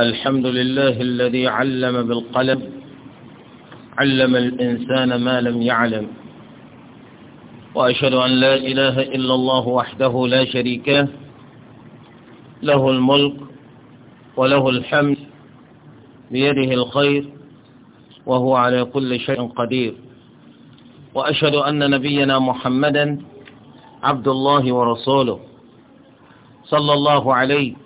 الحمد لله الذي علم بالقلم علم الإنسان ما لم يعلم وأشهد أن لا إله إلا الله وحده لا شريك له له الملك وله الحمد بيده الخير وهو على كل شيء قدير وأشهد أن نبينا محمدا عبد الله ورسوله صلى الله عليه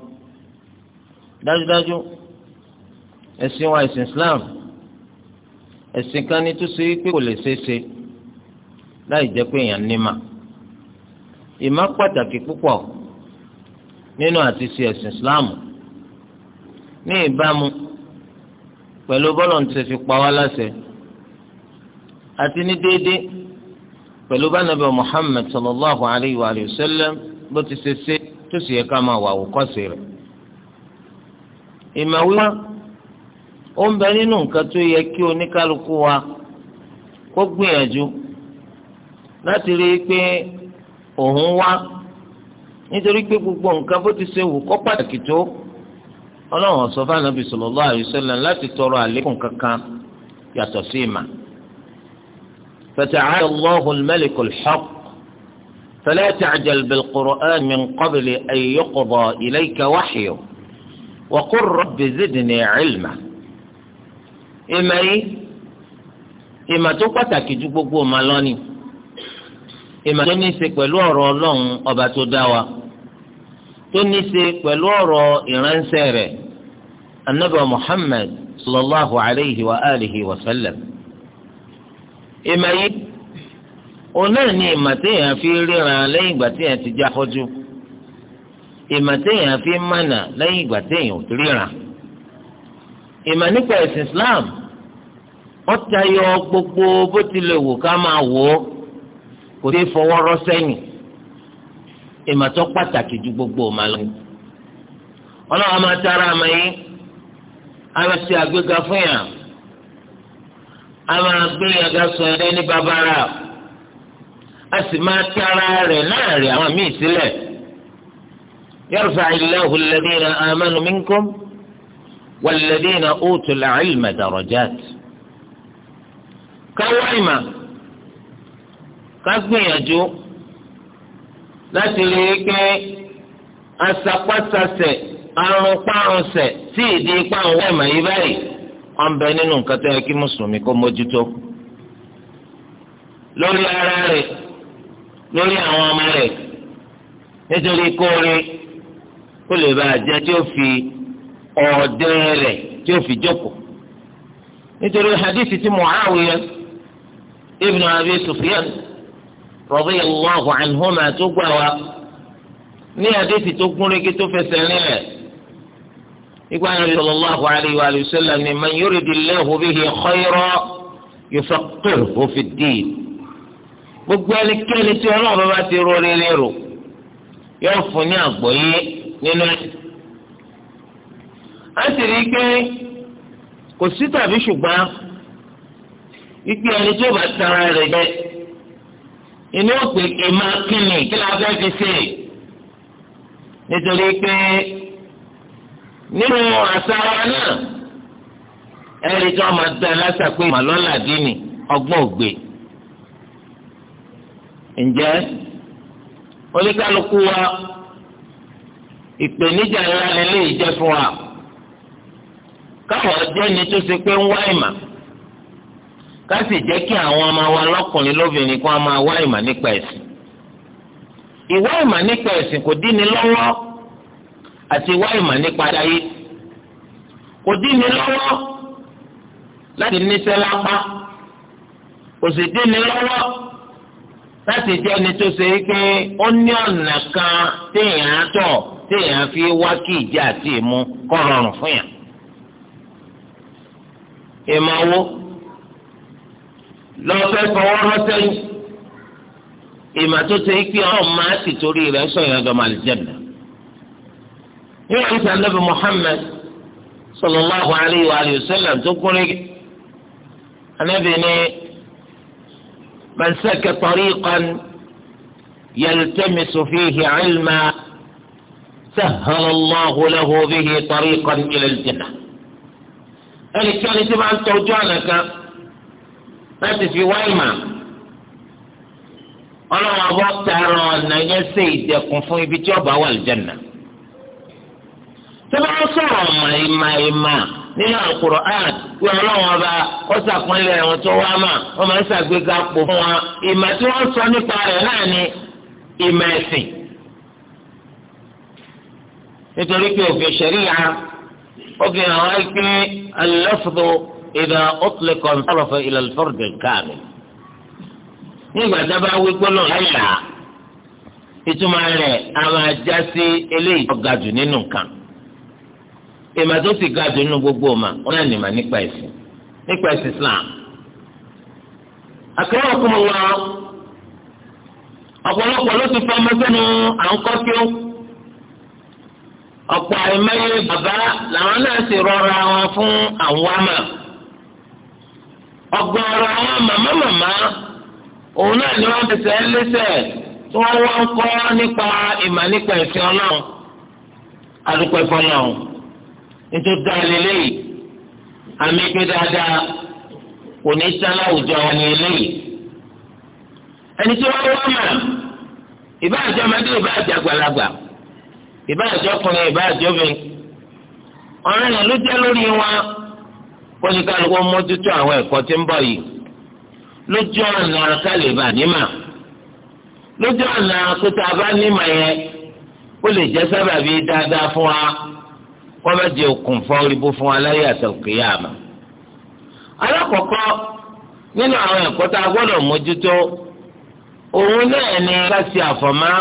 dájúdájú ẹ̀sìn wa ẹ̀sìn Islam ẹ̀sìn kan ní tó ṣe pé kò lè ṣeé ṣe láì jẹ́ pé èèyàn nímà ìmọ̀ pàtàkì púpọ̀ nínú àti ṣe ẹ̀sìn Islam ní ìbámu pẹ̀lú bọ́lọ̀n ti fi pa wá láṣẹ àti ní déédéé pẹ̀lú bánabẹ́ Muhammad sallallahu alayhi wa sallam bó ti ṣe ṣe tó sì yẹ ká máa wà wò kọ́sì rẹ̀ ìmọ̀ wíwá ó ń bẹ nínú nǹkan tó yẹ kí oníkálukú wa kó gbìyànjú láti rí i pé òun wá nítorí pé gbogbo nǹkan bó ti ṣe wù kọ́ pàtàkì tó ọlọ́run ọ̀sọ́ fànàbì sallallahu alaihi wasallam láti tọrọ àlékún kankan yàtọ̀ sí ìmà. فتعالى الله الملك الحق فلا تعجل بالقرآن من قبل أن يقضى إليك وحيه wa qur rabbi zidni ilma ìmọ̀ yìí ìmọ̀ tó pàtàkì ju gbogbo ọmọ lọ́ni ìmọ̀ tó ní í ṣe pẹ̀lú ọ̀rọ̀ ọlọ́run ọba tó dá wa tó ní í ṣe pẹ̀lú ọ̀rọ̀ ìránṣẹ́ rẹ̀ anabi muhammad sallallahu alayhi wa alihi wa sallam ìmọ̀ yìí òun náà ni ìmọ̀ téèyàn fi ríran lẹ́yìn ìgbà téèyàn ti já fọ́jú. ìmọ̀ téèyàn fi ń lẹ́yìn ìgbà téèyàn ò ríra ìmọ̀ nípa ẹ̀sìn Islam ó tayọ gbogbo bó tilẹ̀ wò ká máa wò ó kò sí fọwọ́ rọ́ sẹ́yìn ìmọ̀ tó pàtàkì ju gbogbo ọ̀ma lọ. máa tara àmọ́ yìí a máa ṣe àgbéga fún a máa gbé yàgá sọ ní babara a sì máa tara rẹ̀ láàrin àwọn míì sílẹ̀. يرفع الله الذين آمنوا منكم والذين أوتوا العلم درجات كوعما كاسمي يجو لا تليك أسقطت arunparunṣẹ tí ìdí ipá òun ẹ̀mọ̀ yìí báyìí wọ́n bẹ nínú nǹkan tó yẹ kí mùsùlùmí kó mójútó lórí ara rẹ̀ lórí àwọn ọmọ rẹ̀ nítorí kóore kó lè bá jẹ tí ó fi ọ̀ọ́dẹ rẹ̀ tí ó fi jókòó nítorí hadith ti Muawiya ibn Abi Sufyan radiyallahu anhuma tó gbà wá ní hadith tó gúnrégé tó fẹsẹ̀ nílẹ̀ igba Ànábì sallallahu alayhi wa sallam ni man yuridillahu bihi khayran yufaqqihhu fid-din gbogbo ẹnikẹ́ni tí Ọlọ́run bá ti rọrí lérò yóò fún ní àgbọ́yé. nínú ẹ̀sìn. a sì rí i pé kò sí tàbí ṣùgbọ́n ipe ẹni tí ó bá tara rẹ̀ inú òpè ìmá kínní kí la fẹ́ fi ṣe nítorí pé nínú àṣà náà ẹni tí wọ́n máa dá lásà màlọ́là ní ọgbọ́n ògbé. ǹjẹ́ oníkálukú ìpèníjà ńlá lélẹ́yìí jẹ́ fún wa káwọn jẹ́ni tó ṣe pé ń wá ìmọ̀ ká sì kí àwọn ọmọ wa lọ́kùnrin lóbìnrin kó a máa wá ìmọ̀ nípa ẹ̀sìn ìwá ìmọ̀ nípa ẹ̀sìn kò dín ni lọ́wọ́ àti ìwá ìmọ̀ nípa ayé kò dín ni lọ́wọ́ láti níṣẹ́ lápá kò sì dín ni lọ́wọ́ láti kan téèyàn á téèyàn fi wá kí ìjà àti ìmú kọ́ rọrùn fún yàn. ìmọ̀wó lọ́fẹ́ fọwọ́ rọ́ṣẹ́ yìí ìmọ̀ tó ṣe é pé ọ̀hún máa sì torí rẹ̀ sọ̀yìn ọ̀dọ̀mọ̀ àlìjẹ̀nà. níwọ̀n ní sàlẹ́bí Muhammad sallallahu alayhi wa sallam tó kúrẹ́gì anábì ní man saka tariqan yaltamisu fihi ilma. سهل الله له به طريقا إلى الجنة ẹnì kí ẹni tí máa ń tọjú àná kan láti fi wá ìmà ọlọ́run àbọ̀ tààrà ọ̀nà yẹn ṣe ìdẹ̀kùn fún ibi tí ọba wà lìjẹ̀nà. tí wọ́n bá sọ̀rọ̀ ọ̀mà ìmà ìmà nínú Al-Qur'an pé ọlọ́run ọba ó ṣàpọ́nlé ẹ̀wọ̀n tó wá mà wọ́n máa ń ṣàgbéga pò fún wa ìmà tí wọ́n sọ nípa rẹ̀ náà ni ìmà ẹ̀sìn. nítorí pé òfin ṣẹ̀ríya ó fi hàn wá pé al-lafzu idha utliqa insarafa ila al-fard al nígbà tá a bá wí gbólóhùn láyà ìtumọ̀ rẹ̀ a gbogbo ọ̀ma wọn náà nìmọ̀ nípa ẹ̀sìn nípa ẹ̀sìn Islam. àkàrà ọkùnrin wa ọ̀pọ̀lọpọ̀ ló ti fọ́ ọmọ à ọ̀pọ̀ àìmọye bàbá làwọn náà sì rọra wọn fún àwọn àmà ọ̀gọ̀ọ̀rọ̀ àwọn màmá màmá òun náà ni wọ́n fẹsẹ̀ lẹ́sẹ̀ tí wọ́n wá ń kọ́ nípa ìmọ̀ nípa ìfẹ́ ọlọ́run adúpọ̀ ẹ̀fọ́ náà nítorí dáa lélẹ́yìí àmì pé dáadáa kò ní sá láwùjọ wọn ní eléyìí ẹni tí wọ́n wá mà ìbáàjẹ́ ọmọdé ìbáàjẹ́ àgbàlagbà. ìbáàjọ́ ọkùnrin ìbáàjọ́ obìnrin ọ̀rẹ́ ló jẹ́ lórí wọn kọ́síkálukú mójútó àwọn ẹ̀kọ́ tí ń bọ̀ yìí lójú ọ̀nà kálíbà nímà lójú ọ̀nà kótó yẹn ó lè jẹ́ sábàbí dáadáa fún wa wọ́n bá jẹ òkun fún fún wa láyé àmà. alákọ̀ọ́kọ́ nínú àwọn ẹ̀kọ́ tá a gbọ́dọ̀ òun náà ni ká àfọ̀mọ́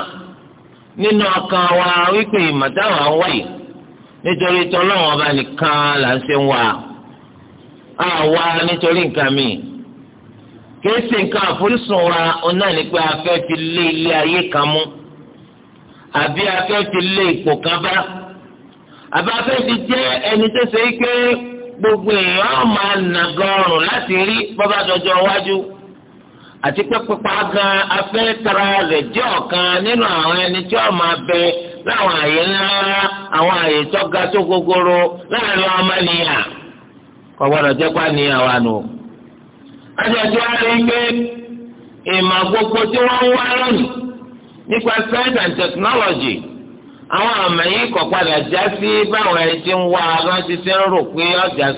nínú ọkàn wa wípé ìmọ̀táwọn ń wáyé nítorí tọ́lọ́wọ́n ọba nìkan là ń ṣe ń a wà nítorí nǹkan mi í ṣe nǹkan àforísùn wa òun náà ni pé afẹ́ ti lé ilé ayé kan mú àbí afẹ́ ti lé ipò kan bá àbá fẹ́ fi jẹ́ ẹni tó ṣe é pé gbogbo èèyàn máa láti rí bọ́bá dọjọ́ iwájú. àti pé pípa gan afẹ́ tara rẹ̀ jẹ́ ọ̀kan nínú àwọn ẹni tí ọmọ abẹ láwọn àyè ńlá àwọn àyè tó ga tó gogoro láàrin ọmọ nìyà kò gbọdọ̀ jẹ́ pa ní nù. ìmọ̀ gbogbo and technology àwọn àmọ̀ yìí kò padà já sí báwọn ẹni tí ń wá aláǹtí pé ọjà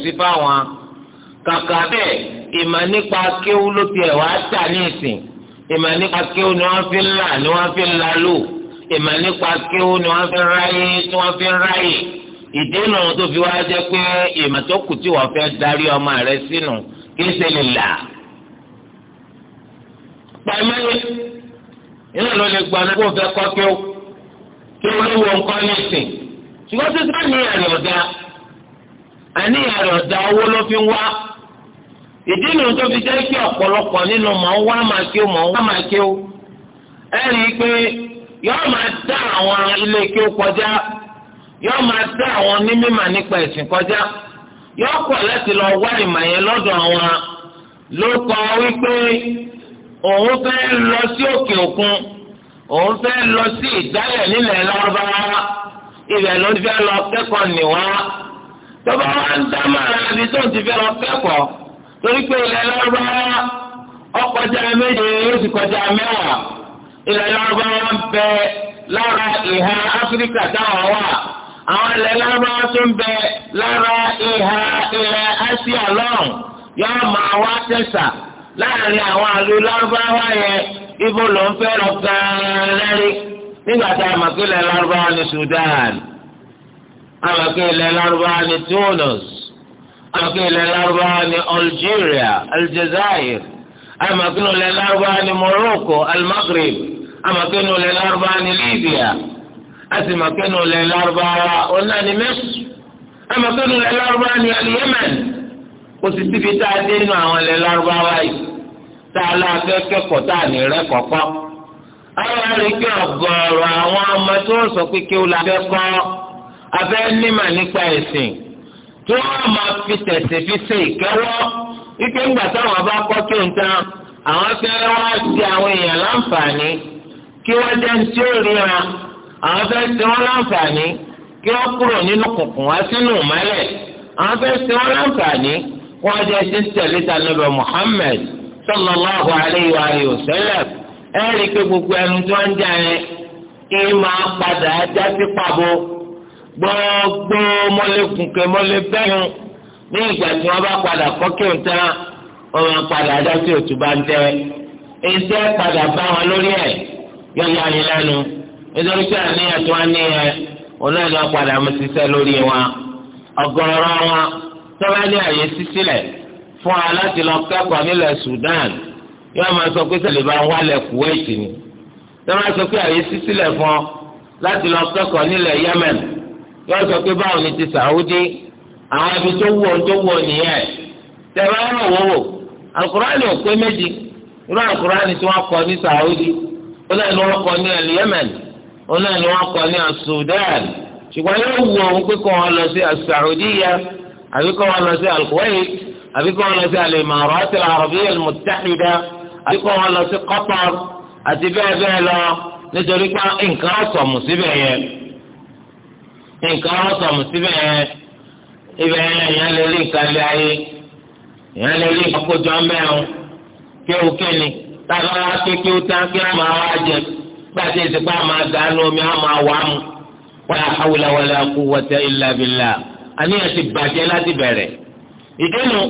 kàkà bẹ́ẹ̀ ìmọ̀ nípa kéwú ló ti ẹ̀ wá tà ní ìsìn ìmọ̀ nípa kéwú ni wọ́n fi ń là ni wọ́n fi ń la lò ìmọ̀ nípa kéwú ni wọ́n fi ń ráyè tí wọ́n fi ń ráyè ìdènà tó fi wá jẹ́ pé ìmọ̀ tó kù tí wọ́n fẹ́ darí ọmọ rẹ sínú kí ṣe lè là. pàmẹ́lẹ́ iná ló lè gba ní kó fẹ́ kọ́ kéwú kí wọ́n wọ nǹkan ní ìsìn ṣùgbọ́n títí àníyàn rẹ̀ ọ̀dà àníyàn rẹ̀ ọ̀dà owó ló fi wá ìdí nu tó fi jẹ́ kí ọ̀pọ̀lọpọ̀ nínú mọ̀ ń wá máa kí ó mọ̀ ń wá máa kí ó ẹ rí i pé yọ́ọ́ máa dá àwọn ilé kí ó kọjá yọ́ọ́ máa dá àwọn onímọ̀ nípa ẹ̀sìn kọjá yọ́ọ́ pọ̀ láti lọ wá ìmọ̀ yẹn lọ́dọ̀ àwọn ló kọ wípé òun fẹ́ lọ sí òkè òkun òun fẹ́ lọ sí ìdálẹ̀ nílẹ̀ lárúbáwá ibẹ̀ ló ti fẹ́ lọ kẹ́kọ̀ọ́ nìwá tó bá wá ń dá máa ra ibi tó ti fẹ́ lọ kẹ́kọ̀ọ́ torí pé ilẹ̀ lọ́rọ́báwá ọkọjá méje yóò sì kọjá mẹ́wàá ilẹ̀ lọ́rọ́báwá ń bẹ lára ìhà áfíríkà táwọn wà àwọn ilẹ̀ tó ń bẹ lára ìhà ilẹ̀ ásíà lọ́rùn yóò máa wá tẹ̀sà láàrin àwọn àlù lọ́rọ́báwá yẹn ibo ló ń fẹ́ lọ gan nígbà tá a mọ̀ pé ilẹ̀ maka ní Sudan a mọ̀ àmọ̀kínú ilẹ̀ lárúbáwá ní Algeria Aljazair àmọ̀kínú ilẹ̀ lárúbáwá ní Morocco Almaghreb àmọ̀kínú ilẹ̀ lárúbáwá ní Libya àtìmọ̀kínú ilẹ̀ lárúbáwá ọ̀nà ní Mẹ́sì àmọ̀kínú ilẹ̀ lárúbáwá ní Yemen kò sì síbi tá a dé nínú àwọn ilẹ̀ lárúbáwá yìí tá a lọ akẹ́kọ̀ọ́ tá a ní rẹ́ kọ̀ọ̀kan àwọn arìnkè ọ̀gọ̀ọ̀rọ̀ àwọn ọmọ la fẹ́ kọ́ abẹ́ nímà nípa ẹ̀sìn tí wọ́n máa fi tẹ̀sí fi ṣe ìkẹ́wọ́ ike ńgbà táwọn bá kọ́ kí n tán àwọn fẹ́ẹ́ wá sí àwọn èèyàn láǹfààní kí wọ́n jẹ́ ní tí ó ríra àwọn fẹ́ẹ́ sí wọn láǹfààní kí wọ́n kúrò nínú kùnkùn wá sínú ìmọ́lẹ̀ àwọn fẹ́ẹ́ sí wọn láǹfààní wọ́n jẹ́ sí tẹ̀lé tanubẹ̀ Muhammad sallallahu alayhi wa alayhi wa sallam ẹ̀rí pé gbogbo ẹnu tí wọ́n ń jẹ́ yẹn kí máa padà já sí pàbó gbogbo mọ́lẹ́kùnkẹ́ mọ́lẹ́bẹ́rún ní ìgbà tí wọ́n bá padà kọ́kẹ́ ńta wọ́n máa padà dá sí òtún bá ń tẹ́ iṣẹ́ padà bá wọn lórí ẹ̀ yọ̀yà yín lẹ́nu nítorí pé àníyàn tí wọ́n ní ẹ òun náà ni wọ́n padà mú ṣiṣẹ́ lórí wọn ọ̀gọ̀rọ̀ wọn tó bá ní àyè sísílẹ̀ fún wa láti lọ kẹ́kọ̀ọ́ nílẹ̀ Sudan yóò máa sọ pé sẹ́lẹ̀ bá ń wálẹ̀ Kuwait ni tó bá sọ pé àyè sísílẹ̀ fún ọ láti lọ kẹ́kọ̀ọ́ nílẹ̀ Yemen yọ sọ pé báwo ni ti sàwùdí àwọn ibi tó wù ọ́ tó wù ọ́ nìyẹn tẹ̀wé ọ̀rọ̀ wò wò alukurani ò pé méjì irú alukurani tí wọ́n kọ ní sàwùdí ó náà ni wọ́n kọ ní yemen ó náà ni wọ́n kọ ní sudan ṣùgbọ́n yóò wù ọ́ pé kó wọn lọ sí sàwùdí yẹ àbí kó wọn lọ sí alukuwait àbí kó wọn lọ sí al-Imarat al-Arabiyya àbí kó wọn lọ sí Qatar àti bẹ́ẹ̀ bẹ́ẹ̀ lọ nítorí pé nǹkan ọ̀sọ̀ mùsíbẹ̀ yẹn nǹkan wọn sọmù síbẹ̀ yẹn ibẹ̀ yẹn èèyàn lè rí nǹkan lé ayé èèyàn lè rí nǹkan kójọ mẹ́rin kéwù kéni táwọn ará kékeré tán kí wọ́n máa wá jẹ gbàtí ìsìnkú àmà dànù omi àmà wà mú wala hawla wala quwwata illa billah àníyàn ti bàjẹ́ láti bẹ̀rẹ̀ ìdínú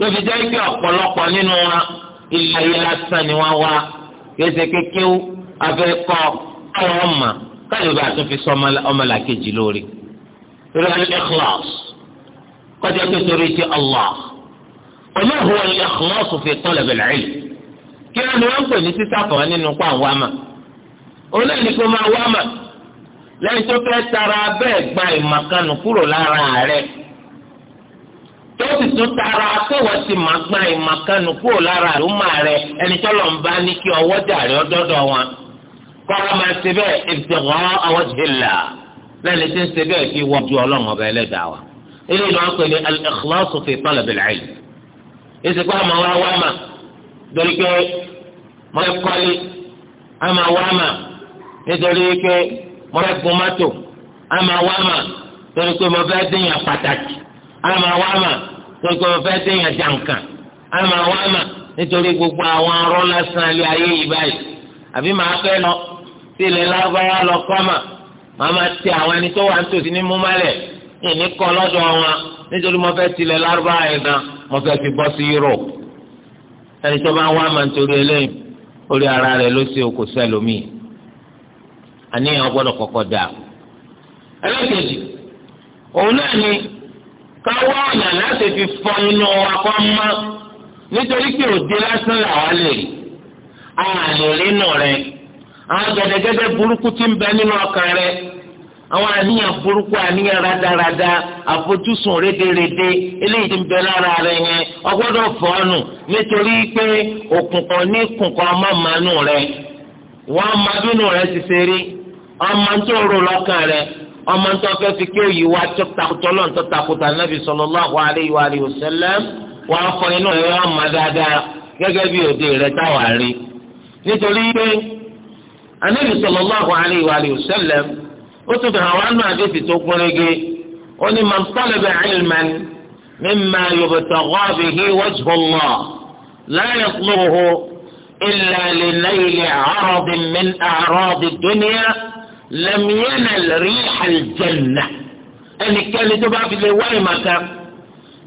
ló fi jẹ́ pé ọ̀pọ̀lọpọ̀ nínú wa ilé ayé lásán ni wọ́n wá kéṣe kékeré afẹ́kọ̀ọ́ àwọn ọmọ káyọ̀ bá tún fi sọ ọmọlàkejì lórí lórí al-ikhlas kọjá tó torí ti Allah ọmọ ìhùwà al-ikhlas fi talab al-ilm kí wọn ni wọn pè ní sísá kan nínú pa àwọn àmà òun náà ní kó máa wá mà lẹ́yìn tó fẹ́ tara bẹ́ẹ̀ gba ìmàkanu kúrò lára rẹ̀ tó sì tún tara kéwàá ti máa gba ìmàkanu kúrò lára àlùmọ́ rẹ̀ ẹni tó bá ní kí ọwọ́ dàrí ọdọ́dọ̀ wọn kọ́ra máa ṣe bẹ́ẹ̀ ìbùdókọ́ àwọn ìlà lẹ́ni tí ń ṣe bẹ́ẹ̀ kí wọ́n ju ọlọ́run ọba ẹlẹ́dàá wa ilé ìlú wọn pèlè al-ikhlasu fi talab al-ilm èsì pé àmọ́ wa wá mà torí pé mo fẹ́ kọ́lé àmọ́ wa mà nítorí pé mo fẹ́ gun mọ́tò àmọ́ wa mà torí pé mo fẹ́ dènyà pàtàkì àmọ́ wa mà torí pé mo fẹ́ dènyà jàǹkàn àmọ́ wa mà nítorí gbogbo àwọn arọ́ lásán ilé ayé yìí báyìí àbí màá fẹ́ lọ. tí ilẹ̀ lágbára lọ kọ́mà màá ti àwọn ẹni tó wà nítòsí ní múmálẹ̀ ìní kọ́ lọ́dọ̀ wọn nítorí mo fẹ́ tilẹ̀ lárúbáwá gan mo fẹ́ fi bọ́ sí Europe ẹni tó bá wá màá nítorí eléyìí orí ara rẹ ló ṣe okò sẹ́lómi àníyàn gbọ́dọ̀ kọ́kọ́ dáa ẹlẹ́kẹ̀jì òun náà ni láti fi àwọn gẹ́gẹ́gẹ́ burúkú ti ń bẹ nínú ọkàn rẹ àwọn àníyàn burúkú àníyàn radarada àfojúsùn rédèrèdè eléyìí ti ń bẹ lára rẹ yẹn ọgbọ́dọ̀ fọọnù nítorí pé òkùnkùn ní ọmọ màánù rẹ wọn máa bínú rẹ ti ṣe rí ọmọ tó rò rẹ ọmọ tó fẹ́ fi kí òyì wá tó lọ́n tó takùtà nàbì wa wọn inú rẹ wọn máa dáadáa gẹ́gẹ́ bí òde rẹ táwa rí nítorí pé. anabi sallallahu alayhi wa alihi wa sallam ó tún fi hàn wá nù àdéhùn tó kúnrégé ó ní man talaba ilman mimma yubtagha bihi wajhu Allah la yatlubuhu illa li nayli 'aradin min a'radi dunya lam yanal ẹnikẹ́ni tó bá fi lè wá ìmàkà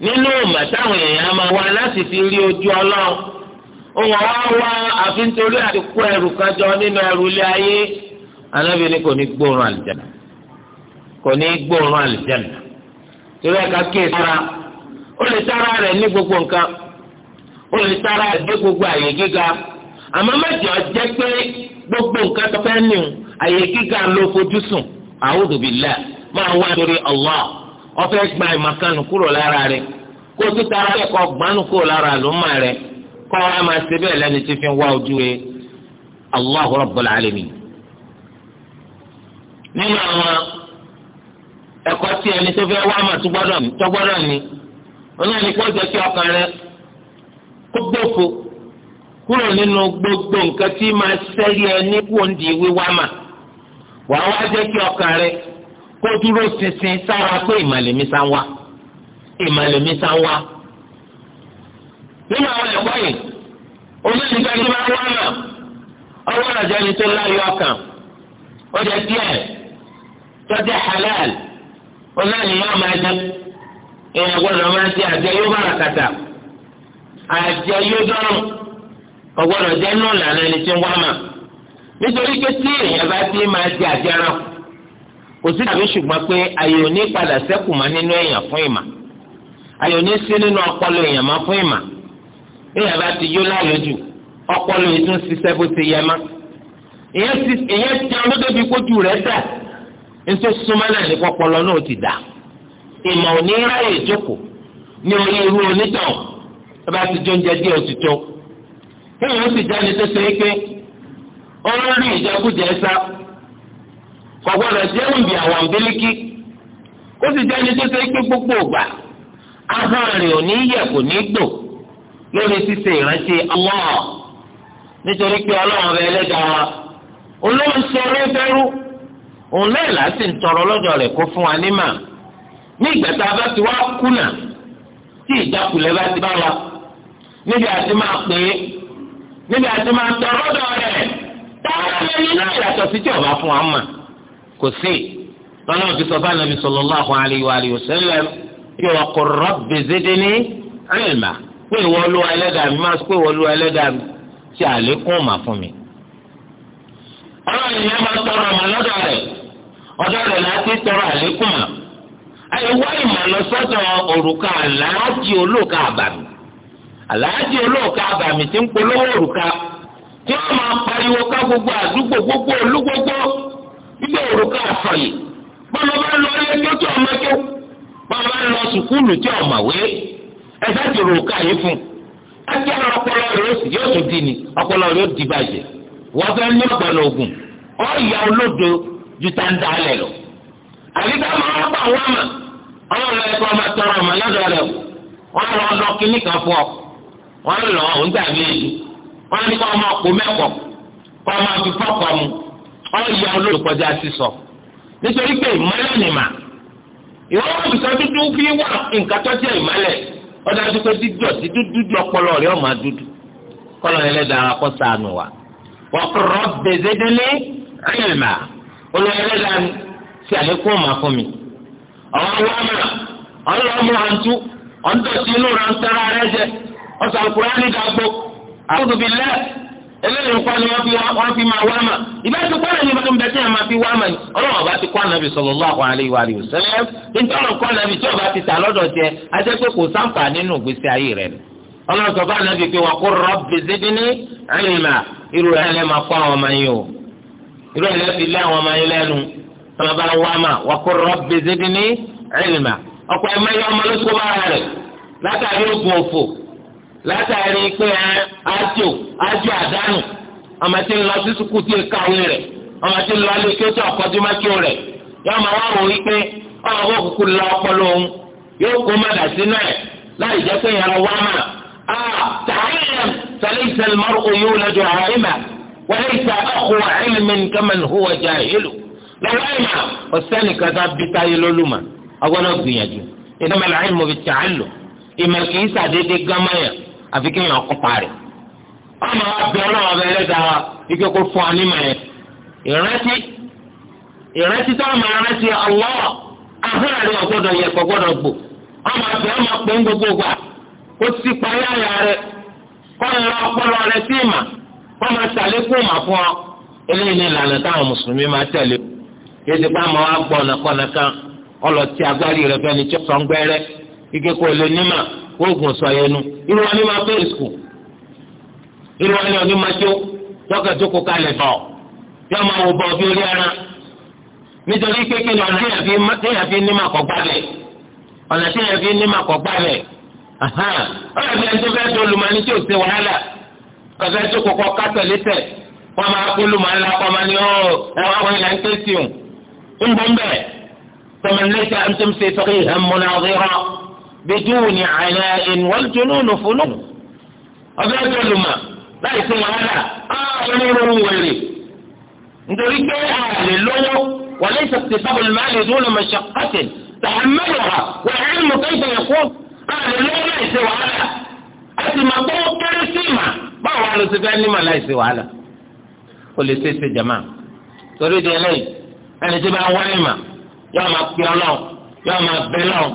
nínú ìmàtàwọn èèyàn máa wá láti fi rí ojú ọlọ́run. òun àwa wá àfi nítorí àti ẹrù kan nínú ẹrù ilé ayé anábì ni kò ní gbóòórùn àlìjáná kò ní gbóòórùn àlìjáná torí ẹ̀ka kíyè sára ó lè gbogbo nǹkan ó lè tara rẹ̀ gbogbo àyè gíga àmọ́ mẹ́jọ jẹ́ pé gbogbo nǹkan tó fẹ́ nù àyè gíga ló fojú sùn a'udhu billah máa wá torí gba ìmọ̀kànnù kúrò lára rẹ̀ kó tó tara ẹ̀kọ́ gbanú kúrò lára kọ́ ẹ máa ṣe bẹ́ẹ̀ lẹ́ni tí fi ń wá ojú rẹ Allahu Rabbul Alamin. nínú àwọn ẹ̀kọ́ tí ẹni tó fẹ́ wá mà tó gbọ́dọ̀ ni onáni kó jẹ́ kí ọkàn rẹ kó gbófo kúrò nínú gbogbo nǹkan tí máa sẹ́rí ẹni kú wíwá mà wàá wá jẹ́ kí ọkàn rẹ kó dúró ṣinṣin sára pé ìmàlẹ́mí sá wá ìmàlẹ́mí sá wá. nínú àwọn ẹ̀kọ́ yìí olóyìn kan ní bá wà náà ọwọ́ àjọ ẹni tó láyọ̀ ọkàn ó jẹ díẹ̀ tọ́jú halal olóyìn yóò máa jẹ èèyàn gbọ́dọ̀ máa jẹ àjẹ yóò bá àjẹ yóò ọgbọ́dọ̀ ẹni tí ń wá mà nítorí pé tí èèyàn bá ti máa jẹ àjẹ kò sí tàbí ṣùgbọ́n pé padà èèyàn bá ti yó láàyò jù ọpọlọ yìí tún ṣiṣẹ́ bó ṣe yẹ má èèyàn ti àwọn débi kójú rẹ̀ dà nítorí súnmọ́ náà ní pọpọlọ náà ti dà ìmọ̀ òní ráyè ní orí irú onítàn díẹ̀ òtítọ́ sì jáde tó ṣe é pé sá àwọn ó sì jáde tó ṣe é pé gbogbo ògbà ahọ́n rẹ̀ lórí ṣíṣe ìrántí Allah nítorí pé ọlọ́run ọba ẹlẹ́dàá wa olóhùn ṣe orífẹ́rú òun náà láti ń tọrọ lọ́dọ̀ rẹ̀ kó fún wa nímà ní ìgbà tá a bá ti wá kùnà tí ìjákulẹ̀ bá ti bá wa níbi àti máa pè é níbi àti máa tọrọ lọ́dọ̀ rẹ̀ táwọn ẹni náà yàtọ̀ sí tí ọba fún wa mà kò sí lọ́nà òfin sọ fún Ànábì sallallahu alayhi wa alihi wa sallam yóò wá qur rabbi zidni ilma. pé ìwọ Olúwa ẹlẹ́dàá mi máa pé ìwọ Olúwa ẹlẹ́dàá mi ti àlékún mà fún mi. ọlọ́run máa tọrọ ọmọ lọ́dọ̀ rẹ̀ ọ̀dọ̀ rẹ̀ láti tọrọ àlékún mà. àìwá ìmọ̀ lọ sọ́dọ̀ òrùka olóòka àbàmì gbogbo àdúgbò gbogbo olúgbogbo gbígbé òrùka ẹ̀dá ti rò ká yìí fún ajé àwọn ọpọlọ rẹ yóò di ni ọpọlọ rẹ yóò di wọ́n fẹ́ ní ọ̀gbọ́n ogun ọ̀ọ́yà olódo ju alẹ̀ lọ. àyíká máa ń bá wọn mà rẹ tọrọ ọmọ rẹ lọ kan fún ọ wọ́n lọ ọ̀ǹgbà méjì wọ́n ní ọmọ ọmọ fi mu olódo kọjá nítorí pé ìmọ̀lẹ́ ọdún àti pé dídọ̀ sí dúdú ọpọlọ rẹ ọmọ dúdú kọlọ yẹn lẹ́dàá ara kọ́ sànù wa wọ́n kọ̀rọ̀ bẹ̀zẹ́dẹ́lẹ́ ẹ̀yẹ̀mà olóyè ni sí àlékún ọmọ fún mi. ọ̀rọ̀ ọlọ́mọ ọlọ́mọ àǹtú ọ̀ńdọ̀sí inú rẹ̀ ń tẹ́ra rẹ̀ jẹ ọ̀sán kúrẹ́ nígbàgbọ́ àwọn òbí lẹ́ẹ̀. eléyìí nǹkan ni wọ́n fi wọ́n fi máa wá mà ìbá ti kọ́ ẹ̀yìn ìbátan bẹ́ẹ̀ tí máa fi wá mà ọba ti kọ́ ànábì sallallahu alaihi wa alihi wasallam nítorí ọ̀rọ̀ kọ́ ànábì tí ọba ti tà lọ́dọ̀ jẹ ajẹ́ pé kò sáǹfà nínú ìgbésí ayé rẹ̀ ni ọlọ́run ànábì pé wọ́n kó irú ẹ̀ ẹ̀ látàrí pé ájò ájò àdánù ọmọ tí ń lọ sí sukù tí ń kàwé rẹ̀ ọmọ tí ń lọ ilé kí ó tó ọkọjú mọ́kí rẹ̀ yóò máa wá wòó pé ọmọ kó kúkú lọ ọpọlọ òun yóò kó má dà sínú ẹ̀ láì jẹ́ pé ìyàrá wá mà á tààyàn tàlẹ́ ìsẹ̀lẹ̀ mọ́rùkù yóò lọ́jọ́ àwọn ìmà wọlé ìsà ọkọ̀ ẹ̀lẹ́mẹ̀ kẹ́mẹ̀ ní hùwà jà ìlú lọ́wọ́ ìmà ọ̀sẹ́ni àfi kéèyàn kópa rẹ̀ ọmọ ma ọ ọbẹ ọ ike kó fún anímọ̀ yẹn ìrántí ìrántí tó ọmọ ìrántí Allah ahọ́n yẹ gbọ́dọ̀ gbò ọmọ ọmọ pé ń gbogbo gbà kó ya rẹ̀ kó ń lọ ọpọlọ rẹ̀ sí ìmà kó máa ṣàlékún ìmà fún ọ eléyìí ní ìlànà táwọn mùsùlùmí máa tẹ̀lé yé pa wa gbọ́ ọ̀nà kọ́nà kan agbárí fẹ́ni tí ó sọ oògùn sọyẹnu irú wọn ni ma tó ìsùkù irú ni wọn ni máa tó kalẹ̀ bọ̀ yọ ma wò bọ̀ bí orí ara nítorí kékeré ọ̀nà téèyàn fi ní máa kọ́ gbálẹ̀ ọ̀nà téèyàn fi ní máa kọ́ gbálẹ̀ ọ̀nà bí ẹni tó fẹ́ tó olùmọ̀ọ́ni tí wàhálà ọ̀fẹ́ tó kú ní ọ́ ń ń بدون عناء والجنون فنون ọbẹ̀ ẹgbẹ̀lùmọ̀ láì sí wàhálà ọlọ́run wèrè nítorí pé àlè lówó wàlẹ́ ìsọ̀tì sábàlì máa lè dúró lọ́mọ ṣàkọ́tì tàhámẹ́lùwà wàhálà mọ̀kẹ́sẹ̀ ẹ̀kọ́ àlè lówó láì sí wàhálà a sì máa gbọ́ kéré sí ìmà báwo wà ló ti fẹ́ ní mà láì sí wàhálà o lè ṣèṣe jàmá torí di ẹlẹ́yìn ẹni tí bá wá ìmà yóò máa pè ọlọ́run yóò máa bẹ ọlọ́run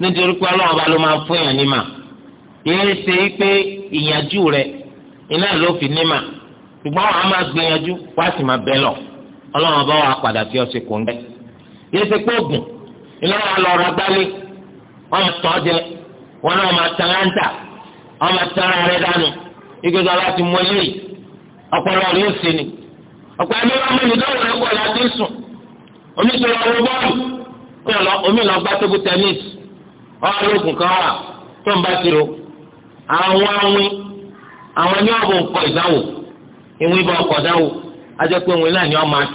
nítorí pé ọlọ́run ọba ló máa ń fún yàn nímà yéé ṣe pé ìyànjú rẹ iná ló fi nímà ṣùgbọ́n wàá máa gbìyànjú wá sì máa bẹ́ lọ ọlọ́run ọba wa padà fi ọṣẹ kò ń bẹ́ yéé ṣe pé oògùn iná wa lọ ra gbálẹ̀ wọ́n máa náà máa tan ara rẹ láti mú ọpọlọ rẹ ó ọrụ oògùn kan wa tó ń bá ti ro àwọn awin àwọn ní ọ̀bùn kọ ìdáwò ìwé bá ọkọ̀ dáwò ajẹ́pẹ́ ìwé náà ní ọmọ rẹ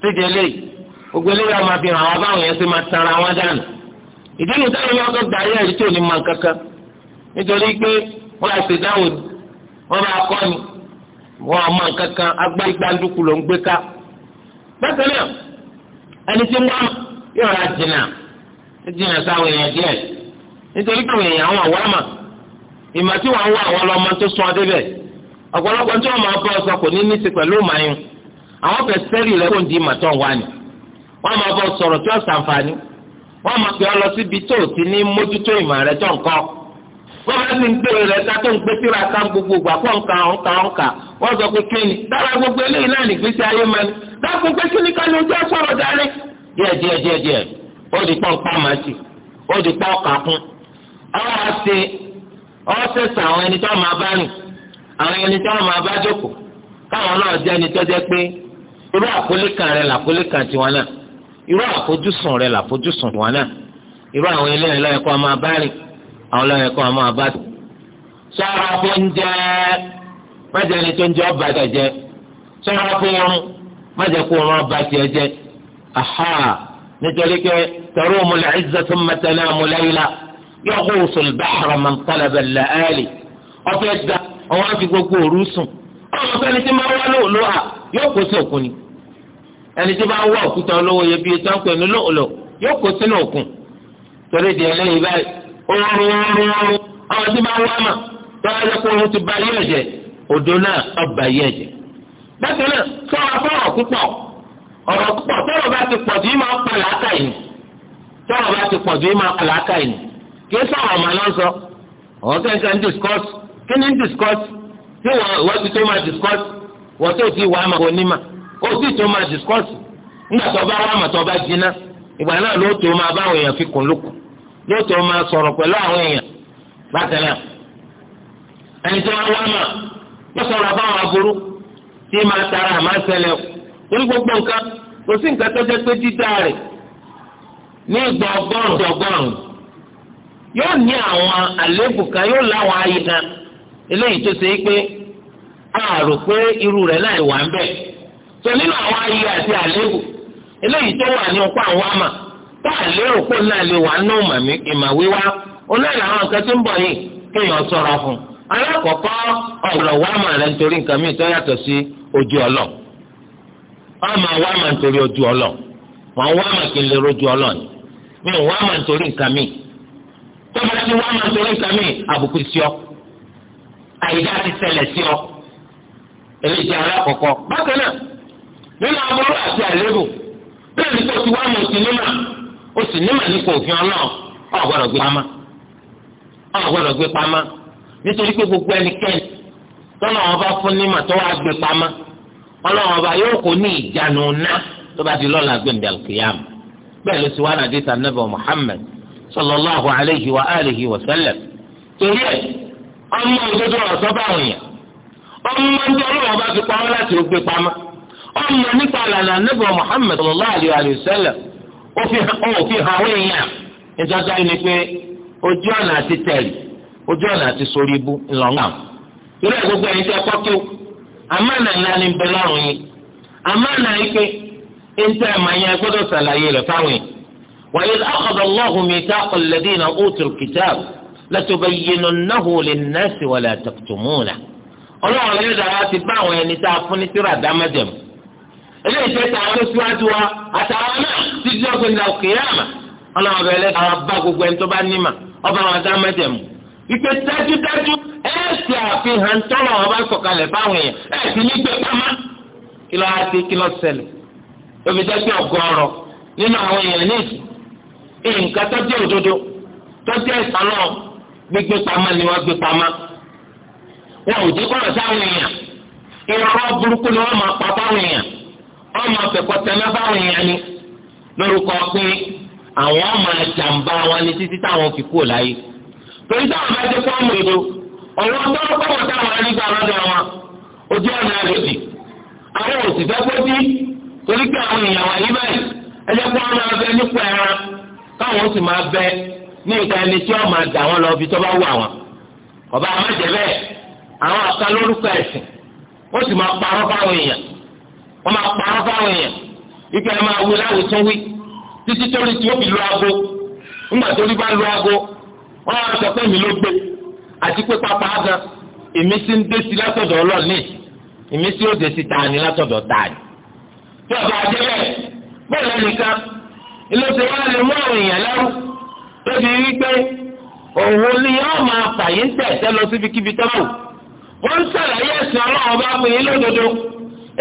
sídìí eléyìí gbogbo eléyìí ọmọ fi hàn àwọn báwọn yẹn ṣe máa tara wọn dànù ìdí nu táwọn yẹn tí ò ní kankan nítorí pé dáwò ni bá ni jìnnà sáwọn èèyàn díẹ̀ nítorí pé èèyàn àwọn àwọn àmà ìmọ̀ tí wọ́n ń wá àwọn ọlọ́mọ tó sún ọ̀pọ̀lọpọ̀ tí wọ́n máa bọ́ ọsọ kò ní ní ti pẹ̀lú màáyún àwọn fẹ̀ sẹ́rì rẹ̀ kóńdì ìmọ̀ tó ń wá ni wọ́n máa bọ́ sọ̀rọ̀ wọ́n máa pè ọ́ lọ síbi tó o ti ní mójútó ìmọ̀ rẹ̀ tó wọ́n bá ti ń ó di pọ́ǹpá máa di pọ́ǹkà kún ọwọ́ àti ọ̀sẹ̀sẹ̀ àwọn ẹni tó máa bá rìn àwọn ẹni tó máa bá káwọn náà jẹ́ ẹni tó jẹ́ pé irú rẹ tiwọn náà irú àfojúsùn rẹ làfojúsùn tiwọn náà irú àwọn máa bá rìn àwọn máa bá rìn. sọ́ra fún ẹni tó ń jẹ ọba tẹ̀ sọ́ra fún oorun májẹ kó oorun ọba tiẹ̀ jẹ aha. nítorí pé tarumu al-'izza thumma tanamu layla yaghusu al-bahra man talaba al-la'ali ọ̀fẹ́ da ọ̀wọ́n fi gbogbo òru sùn ọ̀rọ̀ sẹ́ni tí máa wá lóòló à yóò kó sí òkun ni ẹni tí máa wá òkúta olówó yẹ bíi tó ń pè ní lóòló yóò kó sínú òkun torí di ẹlẹ́yìn báyìí oorun oorun oorun ọ̀rọ̀ tí máa wá mà tọ́lá jẹ́ kó oorun ti ba yé ẹ̀jẹ̀ òdo náà ọba yé ẹ̀jẹ̀ bákan náà sọ ọ̀rọ̀ pọ̀ tọ́rọ̀ bá ti pọ̀ jù í máa ń pọ̀ làákàyè tọ́rọ̀ bá ti pọ̀ jù í máa ń pọ̀ làákàyè kí sọ̀rọ̀ ọ̀mà náà sọ ọ̀hún kẹ́kẹ́ ń discuss kí ni ń discuss tí wọ́n ti tó máa discuss wọ́n tó ti wà á máa onímà ó sì tó máa discuss nígbà tó bá wà màtọ́ bá jiná ìgbà náà ló tó máa bá àwọn èèyàn fi kùn lókun ló tó máa sọ̀rọ̀ pẹ̀lú àwọn èèyàn bákan náà ẹni tí wọ́n wá mà wọ́n sọ̀rọ̀ báwọn aburú tí máa tara àmà torí gbogbo nǹkan kò sí nǹkan tó jẹ́ pé dídá rẹ̀ ní ìgbà ọgọ́rùn-ún yóò ní àwọn àléébù kan yóò láwọn ayé kan eléyìí tó ṣe é pé a rò pé irú rẹ̀ láì wà ń tó nínú àwọn ayé àti àléébù eléyìí tó wà ní àwọn àmà wa àwọn nǹkan tó ń yìí fún un alákọ̀ọ́kọ́ ọ̀rọ̀ wọn máa wá màá nítorí ojú ọlọ wọn wá màá kí n ọlọ ni mi wá màá nítorí nǹkan mi tó ti wá màá nítorí nǹkan mi àbùkù sí ọ àyíká ti ṣẹlẹ̀ sí ọ eléyìí alákọ̀ọ́kọ́ bákan náà nínú aburú àti àlébù bẹ́ẹ̀ ni kò ti wá mọ̀ sí gbogbo ẹnikẹ́ni tọ́nà fún nímà tó wá gbé ọlọ́run ọba yóò kó ní ìjánu ná tó bá di lọ́la gbẹ̀ndẹ̀ alkiyam bẹ́ẹ̀ ló sì wá nàdí sànẹ́bà muhammed sallallahu alayhi wa alihi wa sallam torí ẹ̀ ọmọ òdodo ọ̀sọ́ bá wọn yẹn ọmọ ní ọlọ́run ọba fi pamọ́ láti ó gbé pamọ́ ọmọ nípa àlànà nẹ́bà muhammed sallallahu alayhi wa sallam ó fi hàn wọ́n yẹn ìjọba yìí pé ojú ọ̀nà àti tẹ̀lé ojú ọ̀nà àti soríbu ńlọ́ngàn torí ẹ̀ gbogbo ẹ̀yin tẹ́ àmánà ńlá ní bẹ lọ́rùn yìí àmánà ike ẹ̀ńtẹ́ àmàyẹ gbọ́dọ̀ sàlàyé rẹ̀ fáwọn yìí. وإذ أخذ الله ميثاق الذين أوتوا الكتاب لتبيننه للناس ولا تكتمونه ọlọ́run ẹlẹ́dàá wa ti bá àwọn ẹni tá a fún ní síra dámẹ́jẹ̀mù eléyìí tẹ́ tàwọn ló síwájú wa àtàwọn náà ti di ọ̀gbìn náà kìíyàmà ọlọ́run ẹlẹ́dàá wa bá gbogbo ẹni tó bá nímà ọba wọn ṣe àfihàn tọ́lọ̀ wọn bá sọ̀kalẹ̀ báwọn yẹn ẹ̀ sì ní gbé pamá kí ló á ti kí ló ṣẹlẹ̀ lóbi jẹ́ pé ọgọ́rọ̀ nínú àwọn èèyàn ní ìsìn nǹkan tọ́jú òdodo tọ́jú ẹ̀sán náà gbígbé pamá ni wọ́n gbé pamá wọn ò kọ́rọ̀ sáwọn èèyàn ìrọ̀rọ̀ burúkú ni wọ́n máa pa báwọn èèyàn wọ́n máa fẹ̀kọ́ báwọn èèyàn ni lórúkọ pé àwọn máa jàǹbá wọn ọ̀rọ̀ ọgbọ́n pọ̀wọ́ táwọn arígbà lọ́dọ̀ wọn ojú ọ̀nà àròjì àwọn òṣìṣẹ́ pọ́jú torí pé àwọn èèyàn wà yí báyìí ẹjẹ́ pé wọ́n máa bẹ nípa ẹran káwọn sì máa bẹ ní ìta ẹni tí wọ́n máa dà wọ́n lọ bí tó wù àwọn bẹ́ẹ̀ àwọn lórúkọ ẹ̀sìn ó sì máa parọ́ fáwọn èèyàn wọ́n máa parọ́ fáwọn èèyàn máa wí wí títí torí tí ó fi lu aago ńgbà torí bá lu àti pé pápá gan ìmísí ń dé sí látọ̀dọ̀ ọlọ́ọ̀ni ìmísí ó dé sí tani látọ̀dọ̀ tani. tí ọba àjẹbẹ bẹ́ẹ̀ nìkan ìlọsẹ wa lè mú àwọn èèyàn lẹ́rú lóbi wípé òun ni yóò máa fàyè ń tẹ̀sẹ̀ lọ síbikíbi tọ́wọ́ wọ́n ń sàlàyé ẹ̀sìn ọlọ́run bá pè é lódodo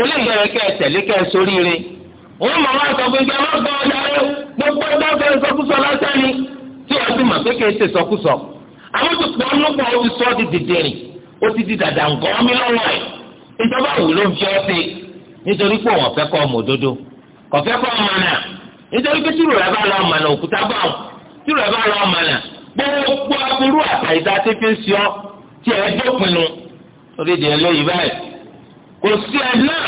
eléyìí rẹ̀ kẹ́ ẹ̀ tẹ̀lé kẹ́ ẹ̀ sóríire wọ́n mọ̀ wá sọ pé ìjọba gbọ́ ọjà rẹ̀ gbogbo ẹgbẹ́ fẹ́ sọkúsọ lásán ni tí wọ́n sì mọ̀ pé kì í ṣe sọkúsọ àwọn tó pọ̀ lọ́gbà ó ti sọ ọ́ di dìdìrì ó ti di dàdà nǹkan mi lọ́wọ́ ẹ̀ ìjọba wò ló ń fi ọ́ sí nítorí pé òun ọ̀fẹ́ kọ́ ọmọ òdodo kọ̀fẹ́ kọ́ ọmọ náà nítorí pé tìrò rẹ̀ bá lọ ọmọ náà òkúta bá wọn tìrò rẹ̀ bá lọ ọmọ náà gbogbo aburú àtàyídá tí fi ń sọ tí ẹ dópinu orí ìdí ẹlẹ́yìí báyìí kò sí ẹ náà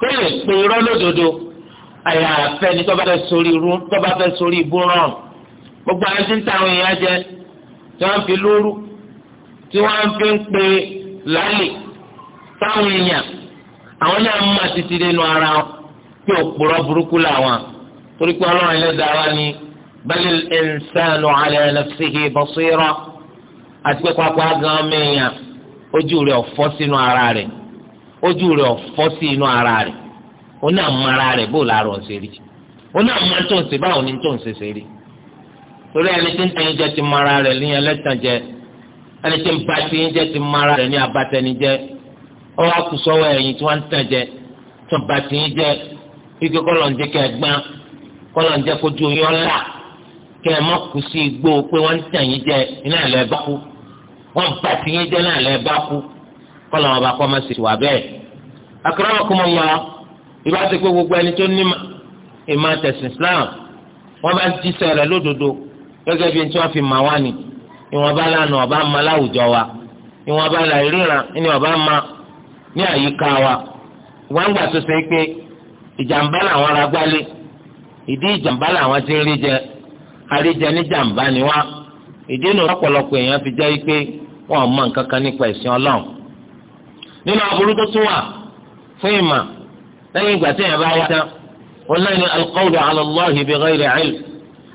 tó lè pe irọ́ lódodo àyàfẹ́ ni tọ́ba fẹ́ sórí ibú rọrùn gbogbo àwọn tí ń ta àwọn èèyàn jẹ tí wọ́n fi lóru tí wọ́n fi ń pe lálẹ́ táwọn èèyàn àwọn náà ń máa títí nínú ara wọn pé òpùrọ̀ burúkú làwọn torí pé ọlọ́run ẹlẹ́dàá wa ni balil insanu ala nafsihi basira àti pé pápá gan mẹ́yàn ojú rẹ̀ ọ̀fọ́ sínú ara rẹ̀ ojú rẹ̀ ọ̀fọ́ sí inú ara rẹ̀ ó náà mọ ara rẹ̀ bó làárọ̀ ṣe rí ó náà mọ tó ń ṣe báwo ni tó ń ṣe ṣe rí torí ẹni tí ń tẹyin jẹ ti mara rẹ̀ ní ẹlẹ́tàn jẹ ẹni tí ń ba ti ń jẹ ti mara rẹ̀ ní abatẹni jẹ ọwọ́ akusọwọ ẹ̀yin tí wọ́n ń tàn jẹ tó ba ti ń jẹ ike kọlọ ń jẹ kẹ gbọn kọlọ ń jẹ kojú yọ ńlá kẹ mọ kù sí igbó pé wọ́n ń tàn yín jẹ iná ẹ lọ ẹ bá kú wọ́n ba ti ń jẹ iná ẹ lọ bá kú kọlọ wọn bá kọ ọmọ sì wà bẹ́ẹ̀ wọ́n bá ń jíṣẹ́ rẹ̀ lódodo. gẹ́gẹ́ bí tí wọ́n fi mà wá ni ìwọ̀nba lànà ọba ma láwùjọ wa ìwọ̀nba là ọba ma ní àyíká wa wọ́n gbà tó ṣe pé ìjàmbá làwọn ra gbálé ìdí ìjàmbá làwọn ti ń rí jẹ àríjẹ ní jàmbá ni wá ìdí ọ̀pọ̀lọpọ̀ èèyàn fi jẹ́ pé mọ nǹkan kan nípa ọlọ́run nínú aburú tó tún wà fún ìmọ̀ lẹ́yìn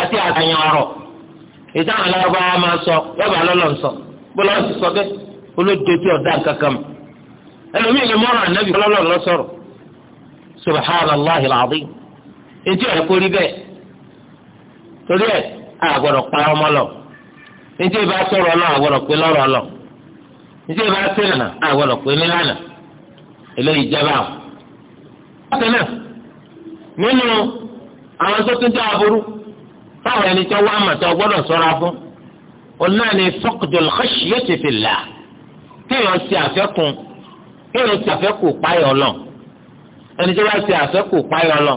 àti àtàyàn ọ̀rọ̀ ìtàn alárúbáwá máa sọ yọba lọ́lọ́ sọ bọ́lá ti sọ pé olóde tí ọ̀dà kankan mu ẹlòmíì lè mọ́ràn ànábì lọ́lọ́ lọ sọ̀rọ̀ subhanallahi alazim etí ọ̀rẹ́ kò rí bẹ́ẹ̀ torí àgbọ̀dọ̀ pa ọmọ lọ etí ìbá àgbọ̀dọ̀ pé lọ́rọ̀ lọ etí ìbá àgbọ̀dọ̀ pé nílànà eléyìí jẹba náà nínú àwọn táwọn ẹni tí wọ́n wá màtọ́ gbọ́dọ̀ sọ́ra fún òun náà ni faqdul khashyati fillah kéèyàn ṣe àfẹ́kùn kéèyàn ṣe àfẹ́kùn páyọ̀ lọ ẹni tí wọ́n ṣe àfẹ́kùn páyọ̀ lọ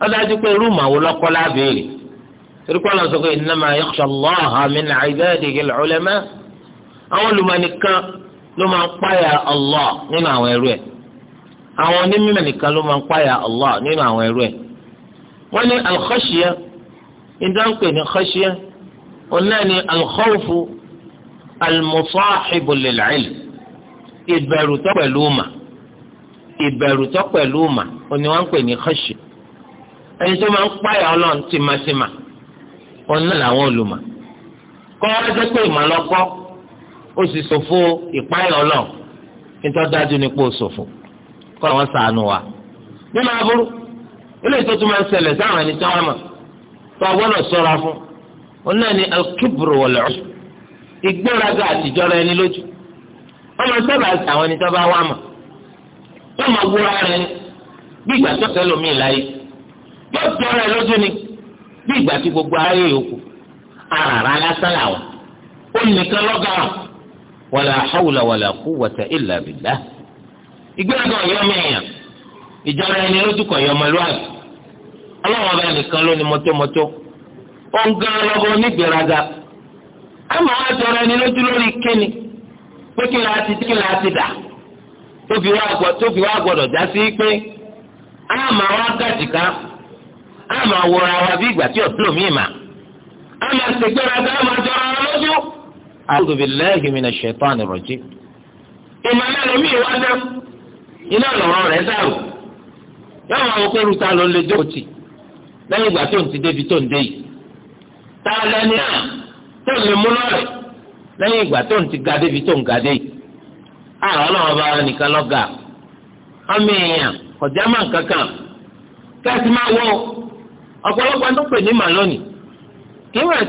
wọ́n pé rúùmù àwọn ọlọ́kọ́ lábẹ́rẹ́ torí pé ọlọ́sọ pé innama yakhsha Allaha min ibadihi al-ulama àwọn olùmọ̀nìkan ló máa ń páyà Allah nínú àwọn ẹrú ẹ̀ àwọn onímọ̀ ló máa ń páyà Allah nínú àwọn ẹrú ẹ̀ wọ́n ní al ìdáǹpè ní khashiyah onáni alkhawfu almusahibu lil'ilm ìbẹ̀rù tó pẹ̀lú mà ìbẹ̀rù tó pẹ̀lú mà òní wọ́n ń pè ní khashiyah ẹni tó máa ń páyà ọlọ́run tìmátìmá ọ̀nà làwọn olùmọ̀ kọ́ ẹ jẹ́ pé ìmọ̀ lọ́kọ́ ó sì ṣòfò ìpáyà ọlọ́run nítorí dájú nípò ṣòfò kọ́ àwọn sànù wa nínú aburú ilé ìtọ́jú máa ń ṣẹlẹ̀ sáwọn ẹni tó wà mọ̀ tó a fún ni alkibru wọlé ọ̀ṣù ìgbéraga lójú wọ́n sábà sí àwọn ẹni tó bá wà mà wọ́n wúra rẹ bí ìgbà tó yóò lójú ni bí ìgbà tí gbogbo ayé yòókù àràrà lásán làwọn ó lọ́gà wàlà hawla wàlà ọ̀yọ́ ẹni lójú kọ̀ ọlọ́run ọba nìkan ló ní mọ́tómọ́tó òun gan àmọ́ wọn ẹni lójú lórí kíni pé kí la ti kí la ti dà tóbi wá gbọdọ̀ já sí pé àmọ́ wọn gàjìká àmọ́ wòrà wa bí ìgbà tí ọ̀dọ́ mi mà àmọ́ ṣègbèraga àmọ́ tọrọ ẹni lójú. a'udhu billahi minash ìmọ̀lẹ́ iná lẹ́yìn ìgbà tó ń ti débi tó ń lẹ́ni náà tó ń lè mú lọ́rẹ̀ lẹ́yìn ìgbà tó ń ti ga débi tó ń ga dé yìí àwọn ọlọ́wọ́ bá nìkan lọ́gà ọmọ èèyàn kọjá máa ń kankan kẹ́sì máa wọ́ ọ̀pọ̀lọpọ̀ tó ti pé wọ́n ní ń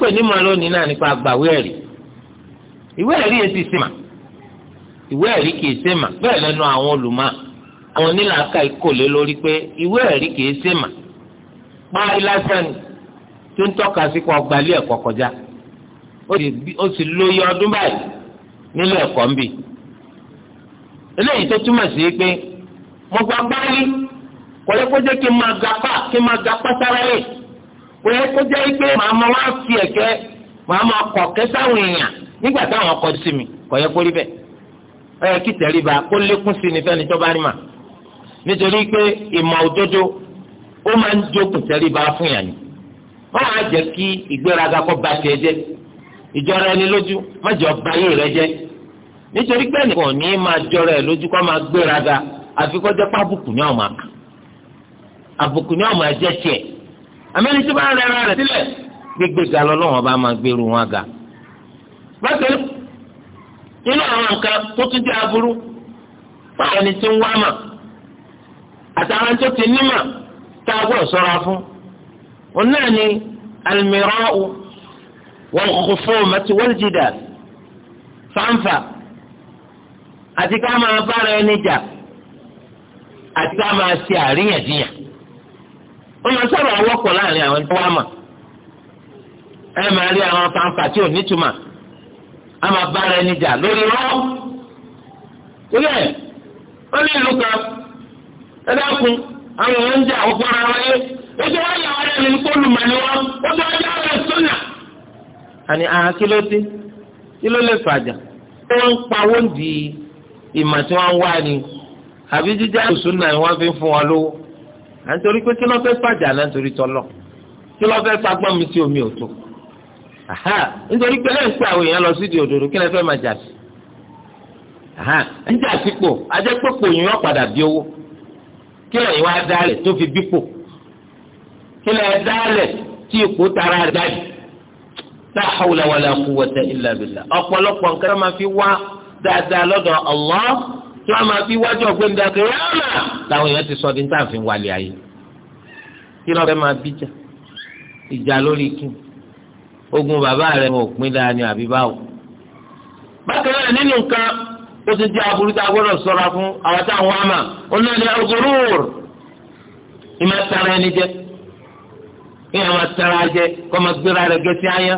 pè ní màlónì náà nípa àgbàwé ẹ̀rí ìwé ẹ̀rí yẹn ti sèmà ìwé ẹ̀rí kì í sèmà bẹ́ẹ̀ lẹ́nu àwọn olùmọ̀ọ́ àwọn onílàákà ikò lé lórí pé ìwé ẹ̀rí kìí ṣe mà páàrí lásán tó ń tọ́ka sí ẹ̀kọ́ kọjá ó sì lóye ọdún báyìí nílé ẹ̀kọ́ ń bì eléyìí tó túmọ̀ sí pé mo gba páàrí kò yẹ kó jẹ́ kí n máa gapá kí n máa sára lè kò yẹ kó jẹ́ pé màá máa wá fi ẹ̀kẹ́ màá máa kọ̀ kẹ́sáwọn èèyàn nígbà táwọn kọjú sí mi nítorí pé ìmọ̀ òdodo ó máa ń jókòó tẹríba fún yàn ni wọ́n á jẹ́ kí ìgbéraga kó ba tiẹ̀ jẹ́ ìjọra ẹni lójú má jọ ba ayé rẹ jẹ́ nítorí pé ẹnìkan ò ní máa jọra ẹ lójú kó máa gbéraga àfi kó jẹ́ pábùkù ní ọ̀ma kan àbùkù ní ọ̀ma jẹ́ tiẹ̀ àmẹ́ni tí bá ń rẹra rẹ̀ sílẹ̀ gbégbé ga lọ́wọ́n bá máa gbèrú wọn ga. bákan nínú àwọn nǹkan tó tún jẹ́ aburú fáwọn ẹni tí ń wá mà àtàwọn tó ti nímọ̀ tá a gbọ́dọ̀ sọ́ra fún òun náà ni almirau wal khusumati wal jidal fáńfà àti ká máa bára ẹni jà àti ká máa ṣe àríyànjiyàn wọ́n máa sábà wọ́pọ̀ láàrin àwọn tó wá mà ẹ máa rí àwọn fáńfà tí ò nítumọ̀ a máa bára ẹni jà lórí rọ́ọ̀ torí ẹ̀ ní ìlú kan. ẹ dákun àwọn ọ̀rọ̀ ń jẹ àwọn ọ̀pọ̀ ara wáyé ó ti wá yàrá rẹ̀ nínú kó lùmọ̀ ni wọ́n ó ti wá àní àhán ah, kí ló dé kí ló lè fàjà ó ń di ìmọ̀ tí wọ́n ń wá ni àbí jíjá òṣù náà wọ́n fi ń fún wọn lówó à ń torí pé kí ló omi ò Aha nítorí pé lẹ́yìn pé àwọn èèyàn lọ sí di òdòdó kí lè fẹ́ máa jà sí ń jà kí lẹ́yìn wá dálẹ̀ tó fi bípò kí lẹ́yìn dálẹ̀ tí ipò tara rẹ̀ jáde la hawla wa la quwwata illa billah ọ̀pọ̀lọpọ̀ nǹkan máa fi wá dáadáa lọ́dọ̀ Allah tí wọ́n máa fi wájú ọ̀gbẹ́ni dàgbé rárá làwọn èèyàn ti sọ di níta àfin wálé ayé kí lọ́ọ́ fẹ́ máa bíjà ìjà lórí kí ogun bàbá rẹ̀ ò pín dáa ni àbí báwo. bákan náà nínú nǹkan ó ti jẹ́ aburú tá a gbọ́dọ̀ sọ̀ra fún àwọn a wá mà òun náà ní ọgọ́rùr ìmọ̀ tara ẹni jẹ kí ẹ tara jẹ kó máa gbéra rẹ gẹ́sí ayá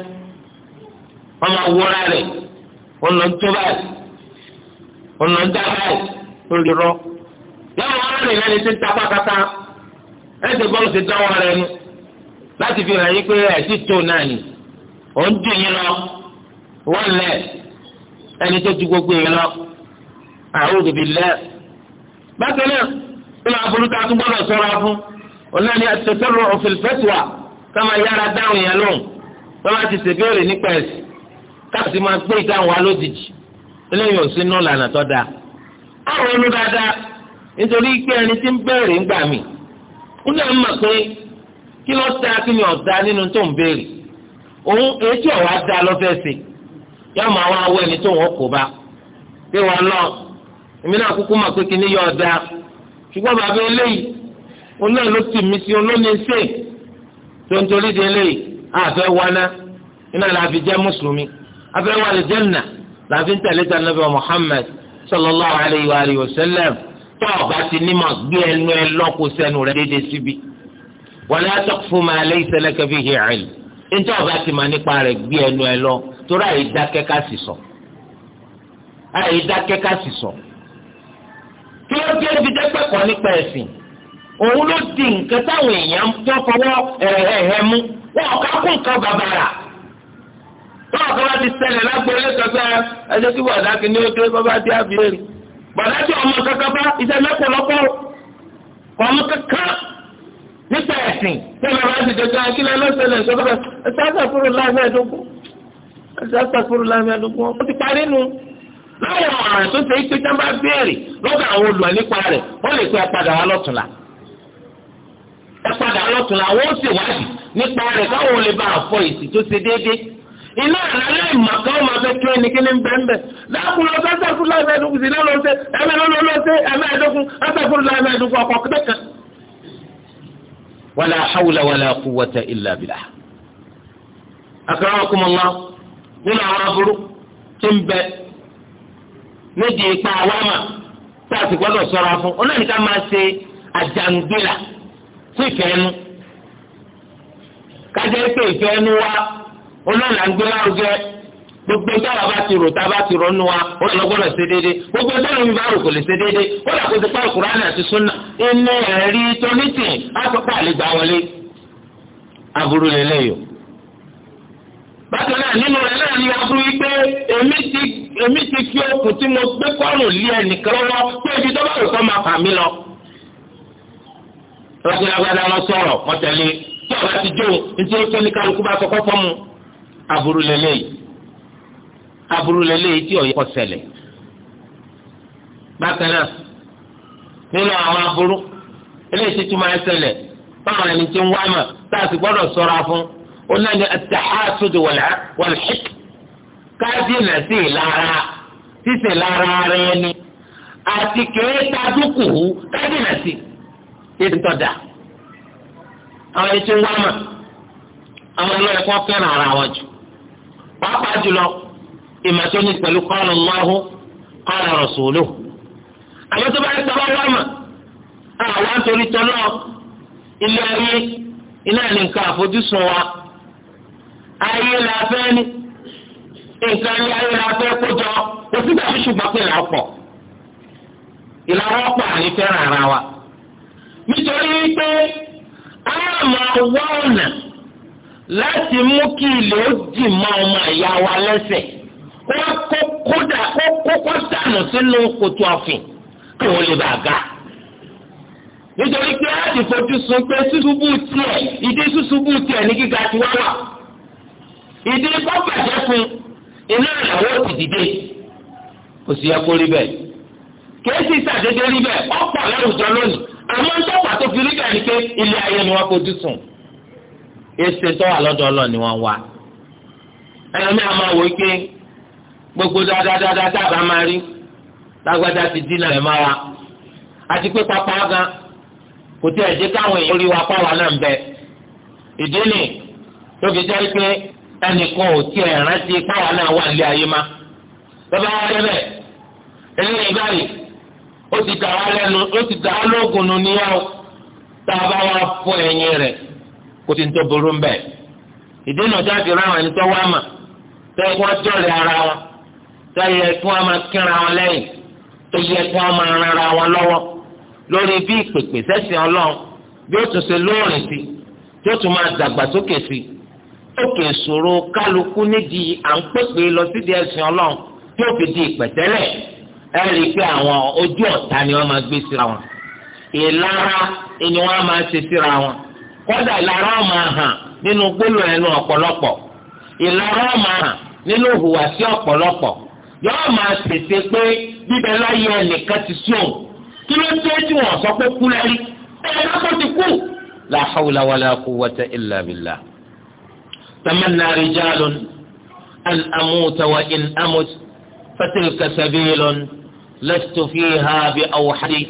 wọ́n wúra wọ́n lọ ń tó báyìí wọ́n lọ ń dá báyìí rọ. yàrá wọn rìn lẹ́ni tí ń ta pátákà ẹ̀sìn bọ́ọ̀lù ti dánwọ́ rẹ nu láti fi hàn yín pé ẹ̀sìn tó náà nọ ó ń dùn yín lọ wọ́n lẹ̀ gbogbo yín lọ. a'udhu billah bákan náà nínú aburú a tún gbọ́dọ̀ fún ọ̀nà ni at-tasarru'u káma yára dáhùn yẹn lóhùn wọn bá ṣèbéèrè nípa ẹ̀sìn káàsì máa gbé wa lójijì lànà tó àwọn ọ̀nù dáadáa nítorí pé ẹni tí ń béèrè ń gbà mí ń náà mọ̀ pé kí ló nínú tó ń òun etí ọ̀wá èmi náà kúkú máa pé kíní yọ ọ̀dà ṣùgbọ́n bàbá eléyìí olóyè ló tì mí sí olóyè ṣe tontorí de eléyìí àfẹ́ wáná iná la fi mùsùlùmí afẹ́ wà lè jẹ́nà la fi ń tẹ̀lé ta nàbẹ̀ Muhammad sallallahu alayhi wa alayhi wa sallam tó o bá ti ní ma gbé ẹnu ẹ lọ́kù sẹ́nu rẹ dédé síbi wala taqfu ma laysa laka bihi ilm ntọ́ ọba ti ma nípa rẹ̀ gbé ẹnu ẹ lọ torí àyè dákẹ́ ká sì sọ àyè dákẹ́ ká sì sọ kí ló dé ibi dẹ́pẹ̀kọ́ nípa ẹ̀sìn òun ló di nǹkan táwọn èèyàn tó fọwọ́ ẹ̀hẹ̀hẹ̀ eh, eh, eh, mú wọn ò ká kún nǹkan bàbàrà wọn ò ká bá ti ṣẹlẹ̀ lágbóyè kẹfẹ́ ẹjọ́ kí bọ̀dá kí ni ó dé bàbá dé àbílẹ̀ bọ̀dá tí ọmọ kankan bá iṣẹ́ lọ́pọ̀lọpọ̀ ọmọ kankan nípa ẹ̀sìn tí wọn bá ti dọ̀jọ́ kí lẹ́ lọ́sẹ̀lẹ̀ ìṣọ́kọ̀ ẹ̀sẹ̀ àṣàkúrò láàmú ẹ̀dógún ẹ̀sẹ̀ àṣàkúrò láàmú ẹ̀dógún ọ láwọn ọ̀ràn tó ṣe é pé táwọn bá lọ́dọ̀ àwọn olùmọ̀ nípa rẹ̀ wọ́n lè pe ẹ̀padà wa lọ́tùnla ẹ̀padà lọ́tùnla wọ́n ó ṣèwádìí nípa rẹ̀ káwọn olè bá àfọ èsì tó ṣe déédéé iná àlálẹ́ ìmọ̀kan máa fẹ́ kí ẹni kíni bẹ́ẹ̀nbẹ́ lákùnrin ọ̀sẹ̀ sẹ́kùn láìpẹ́ ẹ̀dógún sí ẹ̀mẹ́ ẹ̀mẹ́ ọkọ̀ nínú àwọn aburú ń nídìí ipa awámà tá a sì afọ sọra fún ọ náà ní ká máa ṣe àjàngbìlà sí ìfẹ́nu kájẹ́ pé ìfẹ́nu wa ọlọ́ọ̀là ń gbogbo táwa bá ti rò tá a ti rò nu wa ó deede ṣe déédéé gbogbo táwọn mi bá rò kò lè ṣe déédéé ó dàgbò ti pa inú ẹ̀rí tónítì á bákan náà nínú rẹ̀ náà ni wọ́n fún wípé èmi ti èmi ti fi okùn tí mo gbé lé ẹnìkan ibi tó bá rò kọ́ máa fà mí lọ. agbada lọ sọ̀rọ̀ wọ́n tẹ̀lé tí ti jó nítorí pé oníkàlùkù bá kọ́kọ́ fọ́ọ̀mù aburú lélẹ́yìí aburú tí ọ̀yẹ́ kọ́ bákan náà nínú àwọn aburú eléyìí ti báwọn ẹni onáni atahasudu wàlhik kájínà sí ìlara sísè lára si ni àti kèéta dúkùú kájínà sí ètò ìtọ́jà àwọn ẹni tí ń wá mọ̀ àwọn ẹni ẹ̀kọ́ fẹ́ràn ara wọn jù pàápàá jùlọ ìmọ̀ tó ní pẹ̀lú kọ́ọ̀lù ńláhùn kọ́ọ̀lù rọ̀sùlù àwọn tó bá ń tọ́ wá mọ̀ ilé ayé iná ayé la fẹ́ ní nǹkan ní ayé la fẹ́ kójọ òsì tàbí ṣùgbọ́n pé là ń pọ̀ ìlànà ọ̀pọ̀ àní fẹ́ràn ara wa nítorí wípé a máa wá ọ̀nà láti mú kí ilé ó dì mọ́ ọmọ ìyá wa lẹ́sẹ̀ kó kódà kó kókó dànù sínú kòtò ọ̀fìn kí wọ́n lè bàa ga nítorí pé a ti fojú sun pé ṣùṣubú tiẹ̀ ìdí ṣùṣubú tiẹ̀ ní gíga tiwa wà ìdí bá bàjẹ́ fún iná ìyàwó ti dìde kò sí ẹkọ rí bẹ́ẹ̀ kéésì sàdédé rí bẹ́ẹ̀ ọ̀pọ̀ láwùjọ lónìí àmọ́ ńtọ́pàá tó fi rí bẹ́ẹ̀ ni pé ilé ayé ni wọ́n fojú sùn èsì tó wà lọ́dọ̀ ọlọ́ ni wọ́n wá ẹ̀yọ́ mi àmọ́ wò pé gbogbo dáadáa dábà máa rí lágbádá ti dínà ẹ̀ máa wa àti pé pápá gan kò tí ẹ̀ jẹ́ káwọn èèyàn rí wa pàwọn náà ń bẹ ìdí nì tó fi jẹ́ pé ẹnìkan ò tí ẹ̀ rántí káwa náà wà nílé ayé má bàbá wa débẹ̀ eléyìí báyìí ó ti dà wá lẹ́nu ó ti dà wá lóògùn nù níyàwó tá a bá wá fún ẹyin rẹ̀ kò tí ń tó burú mbẹ ìdènà jáde ráwọn ẹni tó wá mà tó yẹ kí wọ́n jọ̀lẹ̀ ara wọn tó yẹ kí wọ́n máa kíra wọn lẹ́yìn tó yẹ kí wọ́n máa ran wọn lọ́wọ́ lórí bí ìpèpè sẹ́sìn ọlọ́run bí ó tún ṣe lóòrìn sí tí tún máa dàgbàsókè sí òkè ìṣòro kálukú nídìí à ń pèpè lọ sídìí ẹ̀sìn ọlọ́run tí ó fi di ìpẹ̀tẹ́lẹ̀ ẹ rí i pé àwọn ojú ọ̀tá ni wọ́n máa gbé síra wọn ìlara ni wọ́n máa ṣe síra wọn kódà ìlara máa hàn nínú gbólóhùn ẹnu ọ̀pọ̀lọpọ̀ ìlara máa hàn nínú ìhùwàsí ọ̀pọ̀lọpọ̀ yọ́ọ́ máa tètè pé bíbẹ láyé ẹnìkan ti sí òun kí ló dé tí wọ́n sọ pé kú lẹ́rí ẹ̀rọ kò ti kú. la hawla wala quwwata تمنى رجال أن أموت وإن أمت فتلك سبيل لست فيها بأوحدي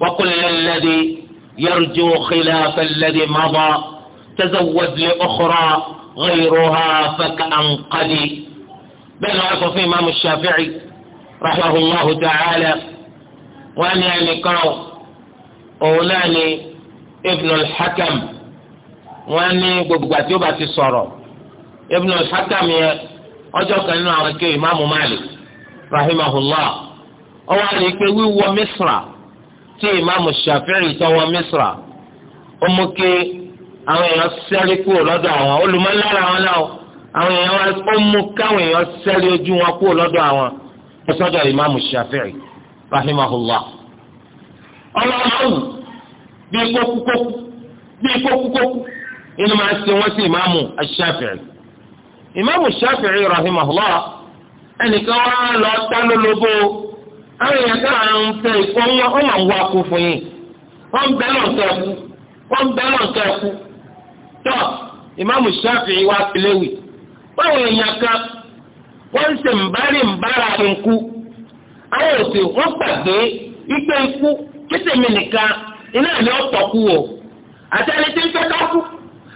وقل للذي يرجو خلاف الذي مضى تزود لأخرى غيرها فكأنقدي بين عرف في إمام الشافعي رحمه الله تعالى وأن يعني قال أولاني ابن الحكم wọ́n ní gbogbo àti ó bá ti sọ̀rọ̀ Ibn al ọjọ́ kan nínú àwọn akéwì Imamu rahimahullah ọwọ́ àlè pé wíwọ Misra tí Misra ó mú kí àwọn èèyàn sẹ́rí kúrò lọ́dọ̀ àwọn olùmọ̀lára wọn náà àwọn èèyàn ó mú káwọn èèyàn sẹ́rí ojú wọn kúrò lọ́dọ̀ àwọn ọ̀sọ́dọ̀ ìmáàmù Shafi'i ọlọ́run kókúkókú kókúkókú inú máa ń ṣe wọ́n sí ìmáàmù Ṣáfi'í ìmáàmù rahimahullah ẹnìkan wá lọ tá lólobó àwọn èèyàn fún wọ́n lọ nǹkan wọ́n lọ nǹkan ìmáàmù wá báwọn èèyàn kan wọ́n ń ńbára àwọn òsè wọ́n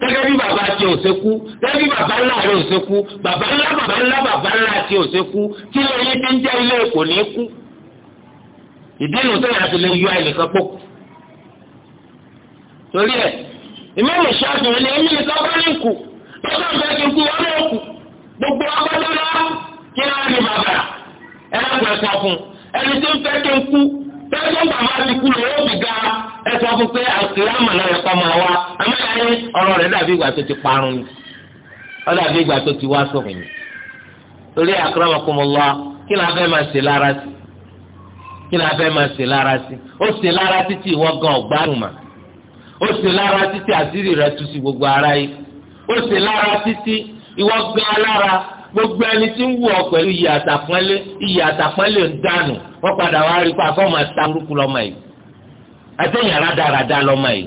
gẹ́gẹ́ bí bàbá tí ò ṣekú gẹ́gẹ́ bí bàbá ńlá rẹ̀ ò ṣekú bàbá ńlá bàbá ńlá bàbá ńlá tí ò ṣekú kí ló yẹ kí ń jẹ́ ilé kò ní kú. ìdí nu tó yàtọ̀ lè yọ ẹnìkan pọ̀ torí ẹ̀ ìmọ̀lẹ̀ ṣáàtì wọn ni ẹni nìkan bá ní kù ọjọ́ ìgbà kí n kú wọn náà kù gbogbo ọgbọ́dọ́ lọ kí n á rí bàbà ẹ̀rọ ẹ̀sọ́ fún ẹni tó ń fẹ́ kí n kú tẹ́tọ́ bàbá ti kú lọ́wọ́ ti ga ẹ̀sọ́ fún pé àkìlámà náà ẹ̀kọ́ máa wá àmọ́ ọ̀rọ̀ rẹ̀ dàbí ìgbà tó ti parun ni ó dàbí ìgbà tó ti wá sófin ni torí akramakumullah kí la fẹ́ máa ṣe lára sí kí la fẹ́ máa ṣe lára sí ó ṣe lára títí ìwọ gan ọ̀gbárùn mà ó ṣe lára títí àṣírí rẹ̀ tú sí gbogbo ara yìí ó ṣe lára títí ìwọ gan alára gbogbo ẹni tí ń wù ọ pẹ̀lú iyì àtàpọ́nlé iyì àtàpọ́nlé ń dànù wọ́n padà wá rí pa fọ́ọ̀mù àtàkùrúkú lọ́mọ yìí àtẹ̀yìn àràdàràdà lọ́mọ yìí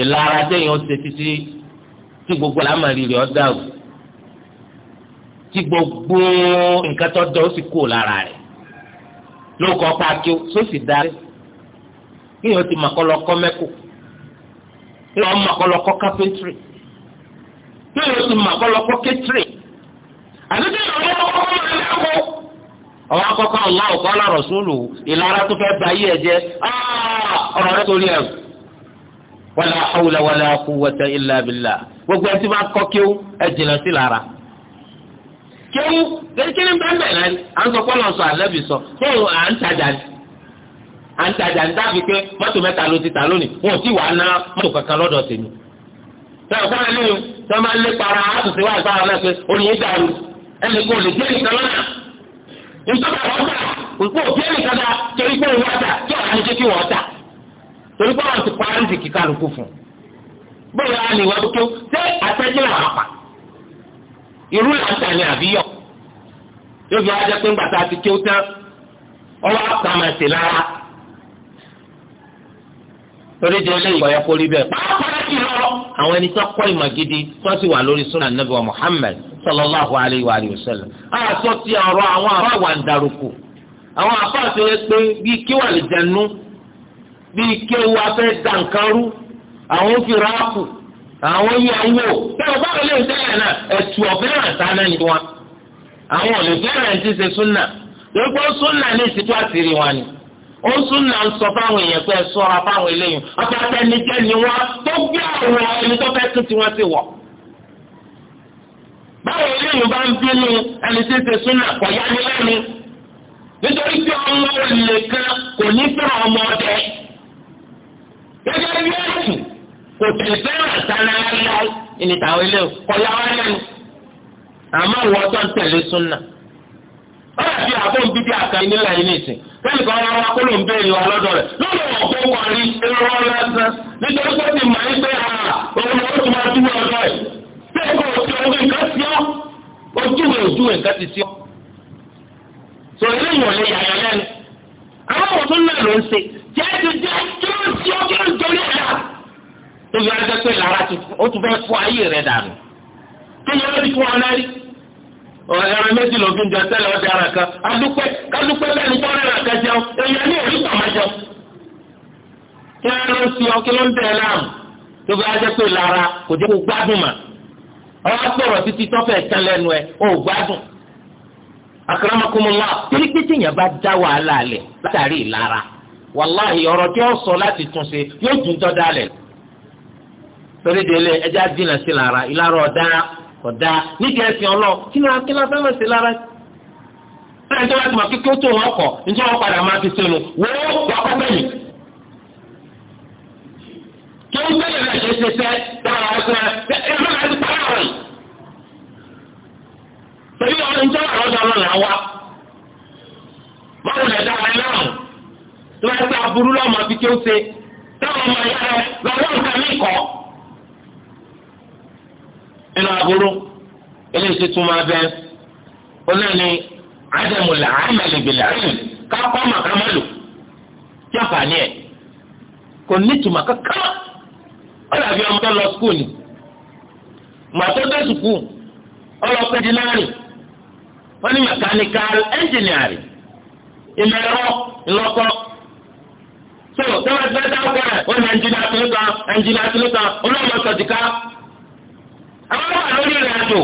ìlara téèyàn ṣe títí tí gbogbo àlámọ̀rí rẹ̀ ọ́ dàrú tí gbogbo nǹkan tó dọ̀ ó sì kú lára rẹ̀ ló kọ́ pàkí sósì darí o ti màkọ́lọ́kọ́ mẹ́kù kéèyàn màkọ́lọ́kọ́ kápẹ́ntìrì kéèyàn ti màkọ́lọ́kọ́ kẹ́tìrì àti kéèyàn màkọ́lọ́kọ́ mẹ́kù ọwọ́ akọ́kọ́ ọ̀la ọ̀kọ́ ọ̀la rọ̀ sólù ìlara tó fẹ́ ba yí ẹ̀ jẹ́ ọ̀rọ̀ rẹ̀ torí ẹ̀rù wala hawla wala quwwata illa billah gbogbo ẹtí bá kọ́ kí ó ẹ jìnnà sí lára kí ó kékeré bẹ́ẹ̀ bẹ́ẹ̀ náà à ń sọ pọ́nlọ́ sọ àlẹ́bí sọ tó à ń tajà ní à ń tajà ní dábì pé mọ́tò mẹ́ta ló ti tà lónìí wọn ò tí wàá ná mọ́tò kankan lọ́dọ̀ tèmi sọ̀rọ̀ fún ẹni o sọ ma lé para àtúnṣe wà sára náà pé oníyé dàrú ẹnì kò lè jẹ́ nìkan lọ́nà ìjọba àwọn ọgbà òpó òbí ẹnìkan dá torí pé òun wá torí báwọn ti parí ìsìnkí kálukú fún bóyá a lè wọ́n tó ṣé àtẹ́jọ́ làwọn pa irú làǹtà ni àbíyọ̀ yóò fi wájẹ́ pé ńgbà ti kí tán ọwọ́ àkàmà lára torí di eléyìí kọ̀ yẹ rí bẹ́ẹ̀ pàápàá lọ àwọn ẹni tó kọ́ ìmọ̀ gidi tó sì wà lórí Muhammad sallallahu alayhi wa sallam àwọn àwọn bíi ike afẹ́ da nǹkan rú àwọn fi ráàpù àwọn yí awó bẹ́ẹ̀ bá wọlé ìtẹ́lẹ̀ náà ẹ̀tù ọ̀fẹ́ràn sáná ni wọn àwọn olùfẹ́ràn ti ṣe súnà lọ́gbọ́n súnà ní ìsìtú àtìrí wọn ni ó súnà ń sọ fáwọn èèyàn pé fáwọn ni wọn tó gbé ẹni tó fẹ́ tún tiwọn báwo bá ń bínú ẹni tí ń ṣe súnà kọ̀ yá ni lẹ́nu gẹ́gẹ́ bí ẹ̀sùn kò tẹ̀ fẹ́ràn àtàláyáyá ìní tàwọn ilé kọjá wá lẹ́nu àmọ́ ìwọ tó ń tẹ̀lé súnà ó yà fi àbọ̀ nbí bí àkàrí nílẹ̀ yìí nìsín lẹ́nu kan wọn kó ló ń béèrè wa lọ́dọ̀ rẹ̀ lọ́dọ̀ wọn kó wọn rí irọ́ lásán nítorí pé ti màá gbé ha òun ló ti máa dúró ọ̀dọ̀ ẹ̀ ṣé kò tí ojú nǹkan ti ọ́ ojú rẹ̀ ojú rẹ̀ nǹkan ti ti ọ́ sọ ilé ìwọ̀n tóbi ajẹ́ pé lára ó tún fẹ́ fọ ayé rẹ̀ dànù kí ni wọ́n ti fún ọ náà rí ẹran méjì ló fi ń jẹ tẹ́lẹ̀ ọdẹ ara kan adúpẹ́ kádúpẹ́ bẹ́ẹ̀ ni tọ́lẹ̀ rà kẹ́ jẹun èèyàn ní èyí tọ̀ máa jẹun kí wọ́n lọ sí ọ kí ló ń bẹ̀rẹ̀ láàmú tóbi ajẹ́ pé lára kò jẹ́ kó gbádùn mà ọwọ́ sọ̀rọ̀ títí tọ́fẹ̀ tán lẹ́nu ẹ̀ ó gbádùn akaramakumula torí pé bá torí délé ẹjẹ́ àdínà sí lára ìlara ọ̀dá ọ̀dá nídìí ẹ̀sìn ọlọ́ọ̀ kí ni akínlá sí lára ẹ̀sìn tó láti mọ̀ kí kó tó wọn kọ̀ níjẹ́ wọn padà máa fi sínú wọ́n kí ó ṣe dára ẹ̀ máa torí wá. inu aburu eléyìí tún máa bẹ ó náà ní ádámù làámàlì bìlàámì kápọ́ màkàmálò ma a fà ní ẹ̀ kò ní tùmọ̀ kankan ó dàbí ọmọ tó lọ skul ni màtó dé sukùl mechanical engineering ìmọ̀ ẹ̀rọ ńlọ́kọ́ so tẹ́wọ́ tẹ́wọ́ àwọn wà lórí ìrìn àjò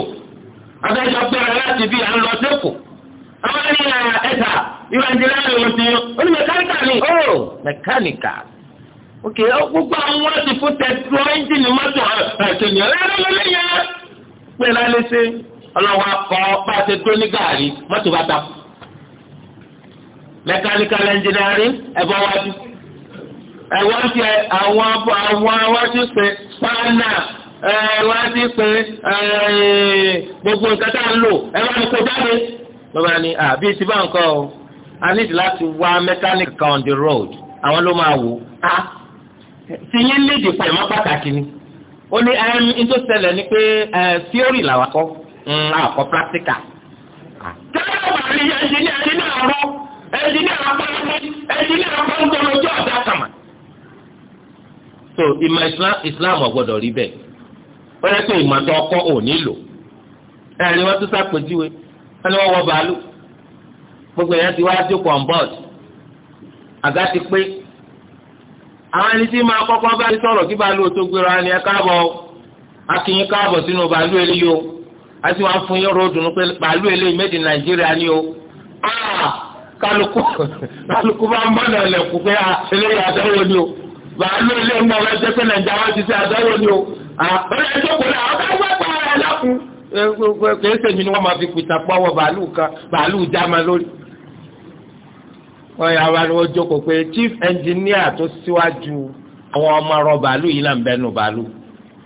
abẹ́jọ gbẹ́rẹ́ láti bí à ń lọ sẹ́kù àwọn ní ẹ̀ta ìrìnàjìlá rẹ̀ wọ́n ti yan ó ní mẹkáníkà ni ó mẹkáníkà ok gbogbo àwọn wọn ti fún tẹ̀sán ẹ́ńjìnì mọ́tò àtẹ̀yìn ọ̀rẹ́rẹ́rẹ́rẹ́ yẹn pé lálẹ́ sí ọlọ́wọ́ akọ bá tó ní gàárì mọ́tò bá mẹkáníkà lẹ́ńjìnìárì ẹ̀bọ wájú ẹ̀wọ́n ti àwọn àwọn wájú pé pàánà ìwádìí pé gbogbo nǹkan tá a lò ẹ bá mi kó jáde. lọ́ba ni àbí ti bá nǹkan o a need láti wá mechanic kan on the road àwọn ló máa wò á ti yín léde pẹ̀lú má pàtàkì ni ó ní ẹni tó ṣẹlẹ̀ ni pé theory làwọn kọ́ àkọ́ practical. kẹ́kẹ́ bá rí ẹnjìníà nínú àárọ̀ ẹnjìníà apáyé ẹnjìníà apáyé ọjọ́ ọ̀dà kàmá. so ìmọ̀ islam ọ̀gbọ́dọ̀ rí bẹ́ẹ̀ wọ́n yẹ pé ìmọ̀tọ́ ọkọ́ ò nílò ẹ̀rí wọ́n tún sàpèjúwe wọ́n ní wọ bàálù gbogbo èèyàn ti wá jókòó on board àga ti pé àwọn ẹni tí máa kọ́kọ́ bá ti sọ̀rọ̀ kí bàálù tó gbéra ni ẹ káàbọ̀ akínyín káàbọ̀ sínú bàálù o a ti wá fún yín ròdùn pé bàálù méjì nàìjíríà ni o kálukú kálukú bá ń ah, o bàálù àbẹ̀rẹ̀ ìjókòó náà ọ̀gá ìwé pa ara lọ́kùn. kì í ṣe mi ni wọ́n máa fi kùtà pọ́wọ́ bàálù kan bàálù já ma lórí. chief engineer tó síwájú àwọn ọmọ ọrọ̀ bàálù yìí là ń bẹ́nu bàálù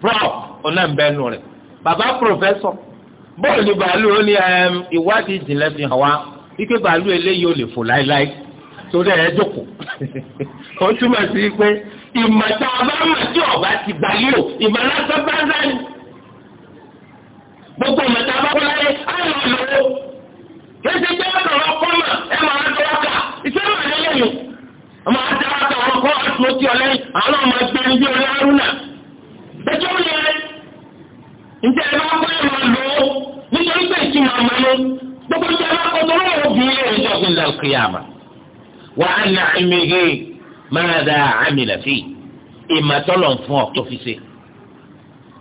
prof ọ̀nà ń bẹ́nu rẹ̀ bàbá professor bọ́ọ̀lù bàálù ó ní ìwádìí ìjìnlẹ̀ fi hàn wá wípé bàálù eléyìí ò lè fò láéláé torí ẹ̀ jókòó ó túmọ̀ sí pé ìmọ̀ta ọba mọ̀ tí ọba ti gbalé o ìmọ̀ lásán bá ń sáyé gbogbo mẹ́ta bá wọlé ayé àwọn ọmọ wo kéde pé ọkọ wọn kọ mà ẹ máa ń tẹ ọkà ìfẹ́ wà lẹ́yìn mi ọmọ àti ọkà wọn kọ àtúntò tí ọ lẹ́yìn àwọn ọmọ ẹgbẹ́ ní bí ọlẹ arúnà ẹjọ́ yẹ ǹjẹ́ ẹ bá kọ ẹ máa lò ó nítorí pé ìtumọ̀ ọmọ ló gbogbo ìjọba akọ̀tọ̀ ló wọ̀ bí ilé ìjọ fi lọ kiri àmà wà á nà ẹ̀mí hẹ́ máa dá àmì lẹ́fì ìmọ̀tọ́lọ̀ fún ọ tó fi ṣe.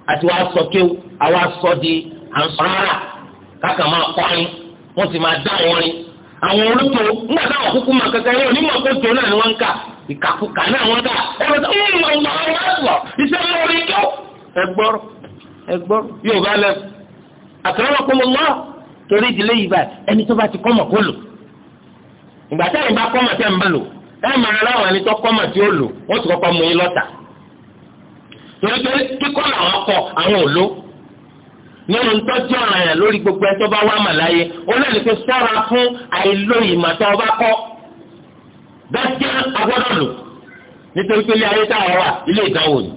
àti wàá sọ kéwù àwa sọ di ànsọ́nàrà káka máa kọrin wọ́n ti máa dá wọn rin àwọn olùtò ńgbà táwọn kúkú máa kankan yẹn onímọ̀ tó tó náà ni wọ́n ń kà ìkàkùkà náà wọ́n kà ẹ̀rọ tó ń mọ̀ ọ̀gbọ̀n ọ̀gbọ̀n iṣẹ́ lórí tó. ẹgbọ́rọ̀ ẹgbọ́rọ̀ yóò bá lẹ mọ́ torí ìdílé yìí báyìí ẹni tó bá ti kọ́mọ̀ kó lò ìgbà kọ́mọ̀ tẹ́ ń torí pé kíkọ́ làwọn kọ àwọn ò ló nínú tọ́jú ọ̀ràn yẹn lórí gbogbo ẹ tó bá wà màláyé ó lẹ́nu pé sọ́ra fún àìló ìmọ̀tọ́ ọba kọ́ dájá agbọ́dọ̀ lò nítorí pé ilé ayé tá a wà ilé ìdánwò ni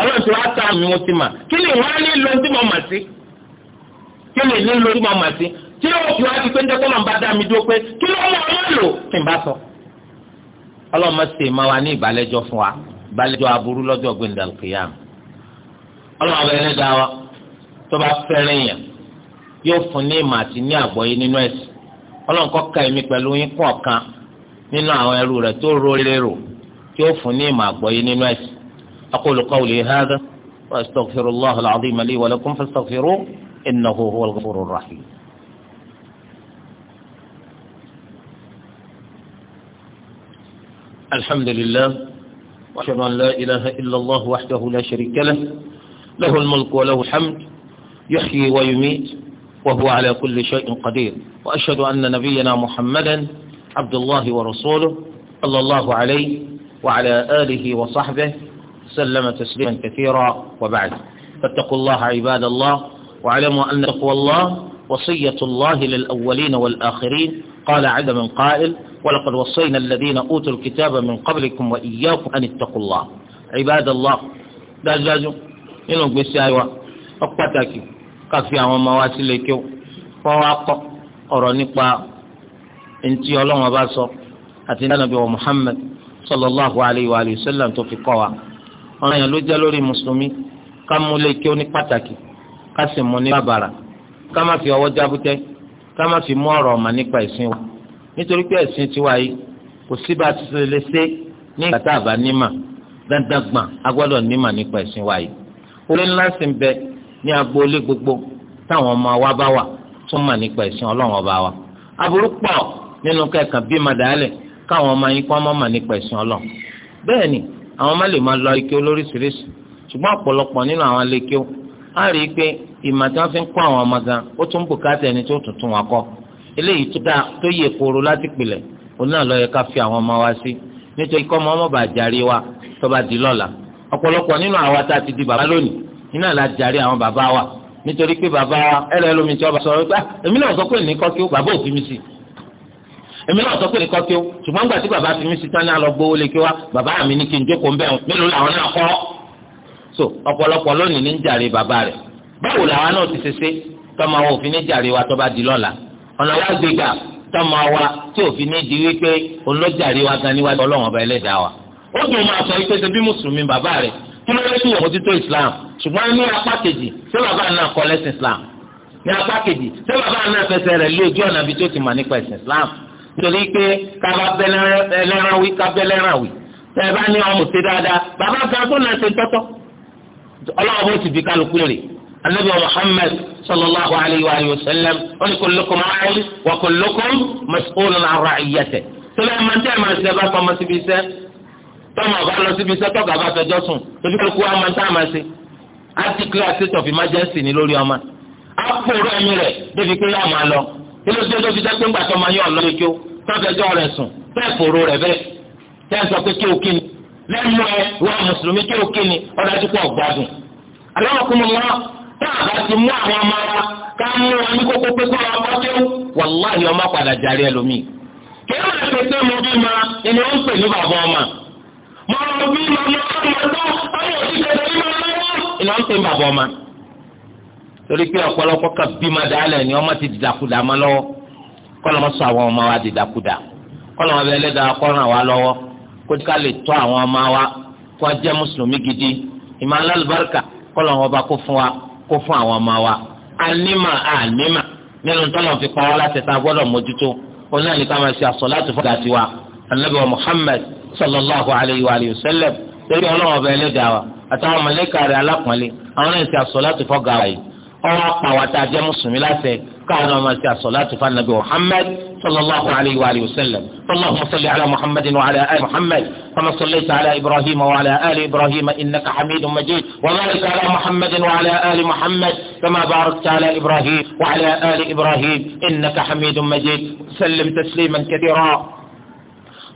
ọlọ́run tí wàá ta àmì wọn ti mà kí ni wọ́n á ní lo tí mo mà sí kí ni ní lo tí mo mà sí tí yóò fi wá di pé ń dẹ́kọ́ lọ́nba dá mi dúró pé kí ló mọ̀ ọ́ lò kí n bá sọ ọlọ́run mọ̀ sí ma wa ní ìbálẹ́jọ́ fún wa balẹ̀jọ́ aburú lọ́jọ́ gbẹ̀ndàlùkìyàm ọlọ́run ọba ẹlẹ́dàá wa tó bá fẹ́ràn yẹn yóò fún ní ìmọ̀ àti ní àgbọ́yé nínú ẹ̀sìn ọlọ́run kó ka èmi pẹ̀lú yín kún ọ̀kan nínú àwọn ẹrú rẹ̀ tó rólé rò tí ó fún ní ìmọ̀ àgbọ́yé nínú ẹ̀sìn aqulu qawli hadha wa astaghfirullaha al-azima li wa وأشهد أن لا إله إلا الله وحده لا شريك له له الملك وله الحمد يحيي ويميت وهو على كل شيء قدير وأشهد أن نبينا محمدا عبد الله ورسوله صلى الله عليه وعلى آله وصحبه سلم تسليما كثيرا وبعد فاتقوا الله عباد الله واعلموا أن تقوى الله وصية الله للأولين والآخرين قال عدم قائل ولقد وصينا الذين أوتوا الكتاب من قبلكم وإياكم أن اتقوا الله عباد الله dájúdájú nínú gbèsè àyíwá ó pàtàkì ká fi àwọn ọmọ wa sílé kí wọ́n wá kọ́ ọ̀rọ̀ nípa ntí ọlọ́run bá sọ àti nàbí wa Muhammad sallallahu alayhi wa sallam tó fi kọ́ wa ọ̀rọ̀ yẹn ló jẹ́ lórí mùsùlùmí ká mú lé kí ó ní pàtàkì ká sì mú ní bàbàrà ká má fi ọwọ́ jábútẹ́ ká má fi mú ọ̀rọ̀ ọ̀mà nípa ìsìn wa nítorí pé ẹ̀sìn tiwa yìí kò sí bá a ti ṣe lè ṣe ní ìgbà tá a bá nímà dandan gbọ̀n a gbọ́dọ̀ nímà nípa ẹ̀sìn wa yìí. orí ńlá sì ń bẹ ní agboolé gbogbo táwọn ọmọ wa bá wà tún mà nípa ẹ̀sìn ọlọ́run ọba wa. aburú pọ̀ nínú kẹ̀kàn bí màdàálẹ̀ káwọn ọmọ yín kọ́ mọ́ mà nípa ẹ̀sìn ọlọ́run. bẹ́ẹ̀ ni àwọn ọmọ lè máa lọ ike olóríṣiríṣi ṣùgbọ́n ọ̀pọ̀lọpọ̀ nínú àwọn alẹ́kẹ́ á rí i pé ìmọ̀ tí wọ́n fi ń kọ́ àwọn ọmọ gan ó tún bùkátà ẹni tó tuntun wọn kọ́ eléyìí tó dáa tó yẹ kóró láti pilẹ̀ òun náà ló yẹ ká fi àwọn ọmọ wa sí nítorí kọ́ ọmọ ọmọ bá jàre wa tó bá di lọ́la ọ̀pọ̀lọpọ̀ nínú àwa tá a ti di bàbá lónìí iná la jàre àwọn bàbá wa nítorí pé bàbá wa ẹlẹ́ lómi tí wọ́n bá sọ̀rọ̀ gbá ah, èmi náà sọ pé ní kọ́kí ó bàbá òfin mi sí èmi náà sọ pé ní kọ́kí ó ṣùgbọ́n gbà tí bàbá fi mi sí tán ní gbówó lé kí wá bàbá mi ní kí n jókòó mbẹ́ mélòó làwọn náà kọ́ so ọ̀pọ̀lọpọ̀ lónìí ní jàre bàbá rẹ̀ báwo làwọn náà ti ṣe ṣe tọ́mọ òfin ní jàre wa tó di lọ́la ọ̀nà wa gbéga tọ́mọ wa tí òfin ní di wípé olójàre wa gan níwájú ọlọ́run ọba ẹlẹ́dàá wa ó dùn máa sọ wípé ṣe bí mùsùlùmí bàbá rẹ̀ kí ló lè tún wọ̀ islam ṣùgbọ́n ní apá kejì ṣé bàbá náà kọ́ lẹ́sìn islam ní apá kejì ṣé bàbá náà fẹsẹ̀ rẹ̀ lé ojú ọ̀nà bí tó ti mà nípa ẹ̀sìn islam nítorí pé kábà bẹ́lẹ́rán wí kábẹ́lẹ́rán wí tẹ́ ẹ bá ní ọmọ ṣe dáadáa bàbá gan tó náà ṣe tọ́tọ́ النبي محمد صلى الله عليه وآله وسلم قل كلكم راع وكلكم مسؤول عن رعيته تلا ما انت ما سبا فما سبيسا فما قال سبيسا توقع بات جوسون تقول كوا ما انت ما سي article of state of emergency ni lórí ọmọ apòrò ẹ̀mí rẹ̀ débi pé yóò máa lọ ilé tí ó tó fi dá pé ń gbà tó máa yọ ọ lọ́ọ́ kí ó tọ́jọ́jọ́ rẹ̀ sùn bẹ́ẹ̀ fòrò rẹ̀ bẹ́ẹ̀ tẹ́ ń sọ pé kí o kí ni lẹ́nu ẹ̀ wọ́n mùsùlùmí kí o kí ni ọ̀dájú pọ̀ gbádùn. aláwọ̀ kúmọ̀ náà tá a bá ti mú àwọn ọmọ wa ká mú wọn ní kókó pé kó wọn kọ́tẹ́ wàláhì ọmọ padà jàre ẹlòmíì. kéwà ṣe pé mo bí ma ẹni ó ń pè ní bàbá ọmọ mo rọ bí ma mo rọ mọ tó ọmọ òsì kẹsẹ ní ma lọ́wọ́ ẹni ó ń pè ní bàbá ọmọ. torí pé ọ̀pọ̀lọpọ̀ kan bí ma dálẹ̀ ni ọmọ ti dìdàkudà ma lọ́wọ́ kọ́lọ́ mọ́ sọ àwọn ọmọ wa dìdàkudà kọ́lọ́ mọ́ bẹ́ẹ̀ lẹ́dàá kọ́ràn gidi ìmọ̀ alálùbáríkà kọ́lọ́ wọn bá kó fún àwọn ọmọ wa anima, ànímà nínú tọ́lọ̀ fi pa wá láti ta gbọ́dọ̀ mójútó òun náà ní ká máa ṣe àsọ̀láàtì fún gàtí wa anabi wa muhammed sallallahu alayhi wa sallam lórí ọlọ́run ọba ẹlẹ́dàá wa àtàwọn mọ̀lẹ́kà rẹ̀ alápọ̀nlé àwọn náà ń ṣe àsọ̀láàtì fún gàwá yìí ọ̀rọ̀ pàwọ́tà jẹ́ mùsùlùmí láṣẹ káwọn náà máa ṣe àsọ̀láàtì fún anabi muhammed صلى الله عليه وآله وسلم اللهم صل على محمد وعلى آل محمد كما صليت على إبراهيم وعلى آل إبراهيم إنك حميد مجيد وبارك على محمد وعلى آل محمد كما باركت على إبراهيم وعلى آل إبراهيم إنك حميد مجيد سلم تسليما كثيرا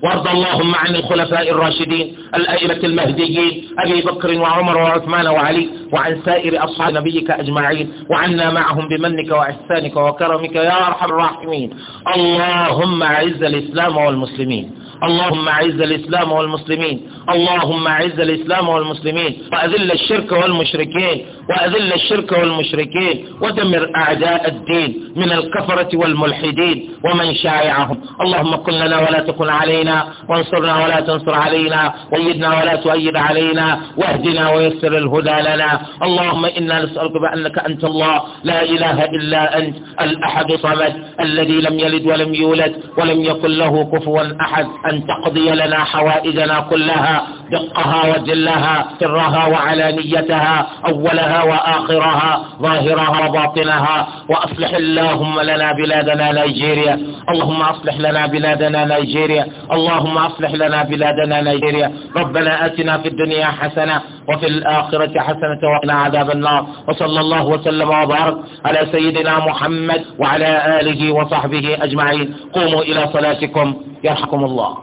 وارض اللهم عن الخلفاء الراشدين الأئمة المهديين أبي بكر وعمر وعثمان وعلي وعن سائر أصحاب نبيك أجمعين وعنا معهم بمنك وإحسانك وكرمك يا أرحم الراحمين اللهم أعز الإسلام والمسلمين اللهم أعز الإسلام والمسلمين اللهم أعز الإسلام والمسلمين وأذل الشرك والمشركين وأذل الشرك والمشركين ودمر أعداء الدين من الكفرة والملحدين ومن شايعهم اللهم كن لنا ولا تكن علينا وانصرنا ولا تنصر علينا وأيدنا ولا تؤيد علينا واهدنا ويسر الهدى لنا اللهم إنا نسألك بأنك أنت الله لا إله إلا أنت الأحد صمد الذي لم يلد ولم يولد ولم يكن له كفوا أحد أن تقضي لنا حوائجنا كلها دقها وجلها سرها وعلانيتها أولها وآخرها ظاهرها وباطنها وأصلح اللهم لنا بلادنا نيجيريا اللهم أصلح لنا بلادنا نيجيريا اللهم أصلح لنا بلادنا نيجيريا ربنا آتنا في الدنيا حسنة وفي الآخرة حسنة وقنا عذاب النار وصلى الله وسلم وبارك على سيدنا محمد وعلى آله وصحبه أجمعين قوموا إلى صلاتكم يرحكم الله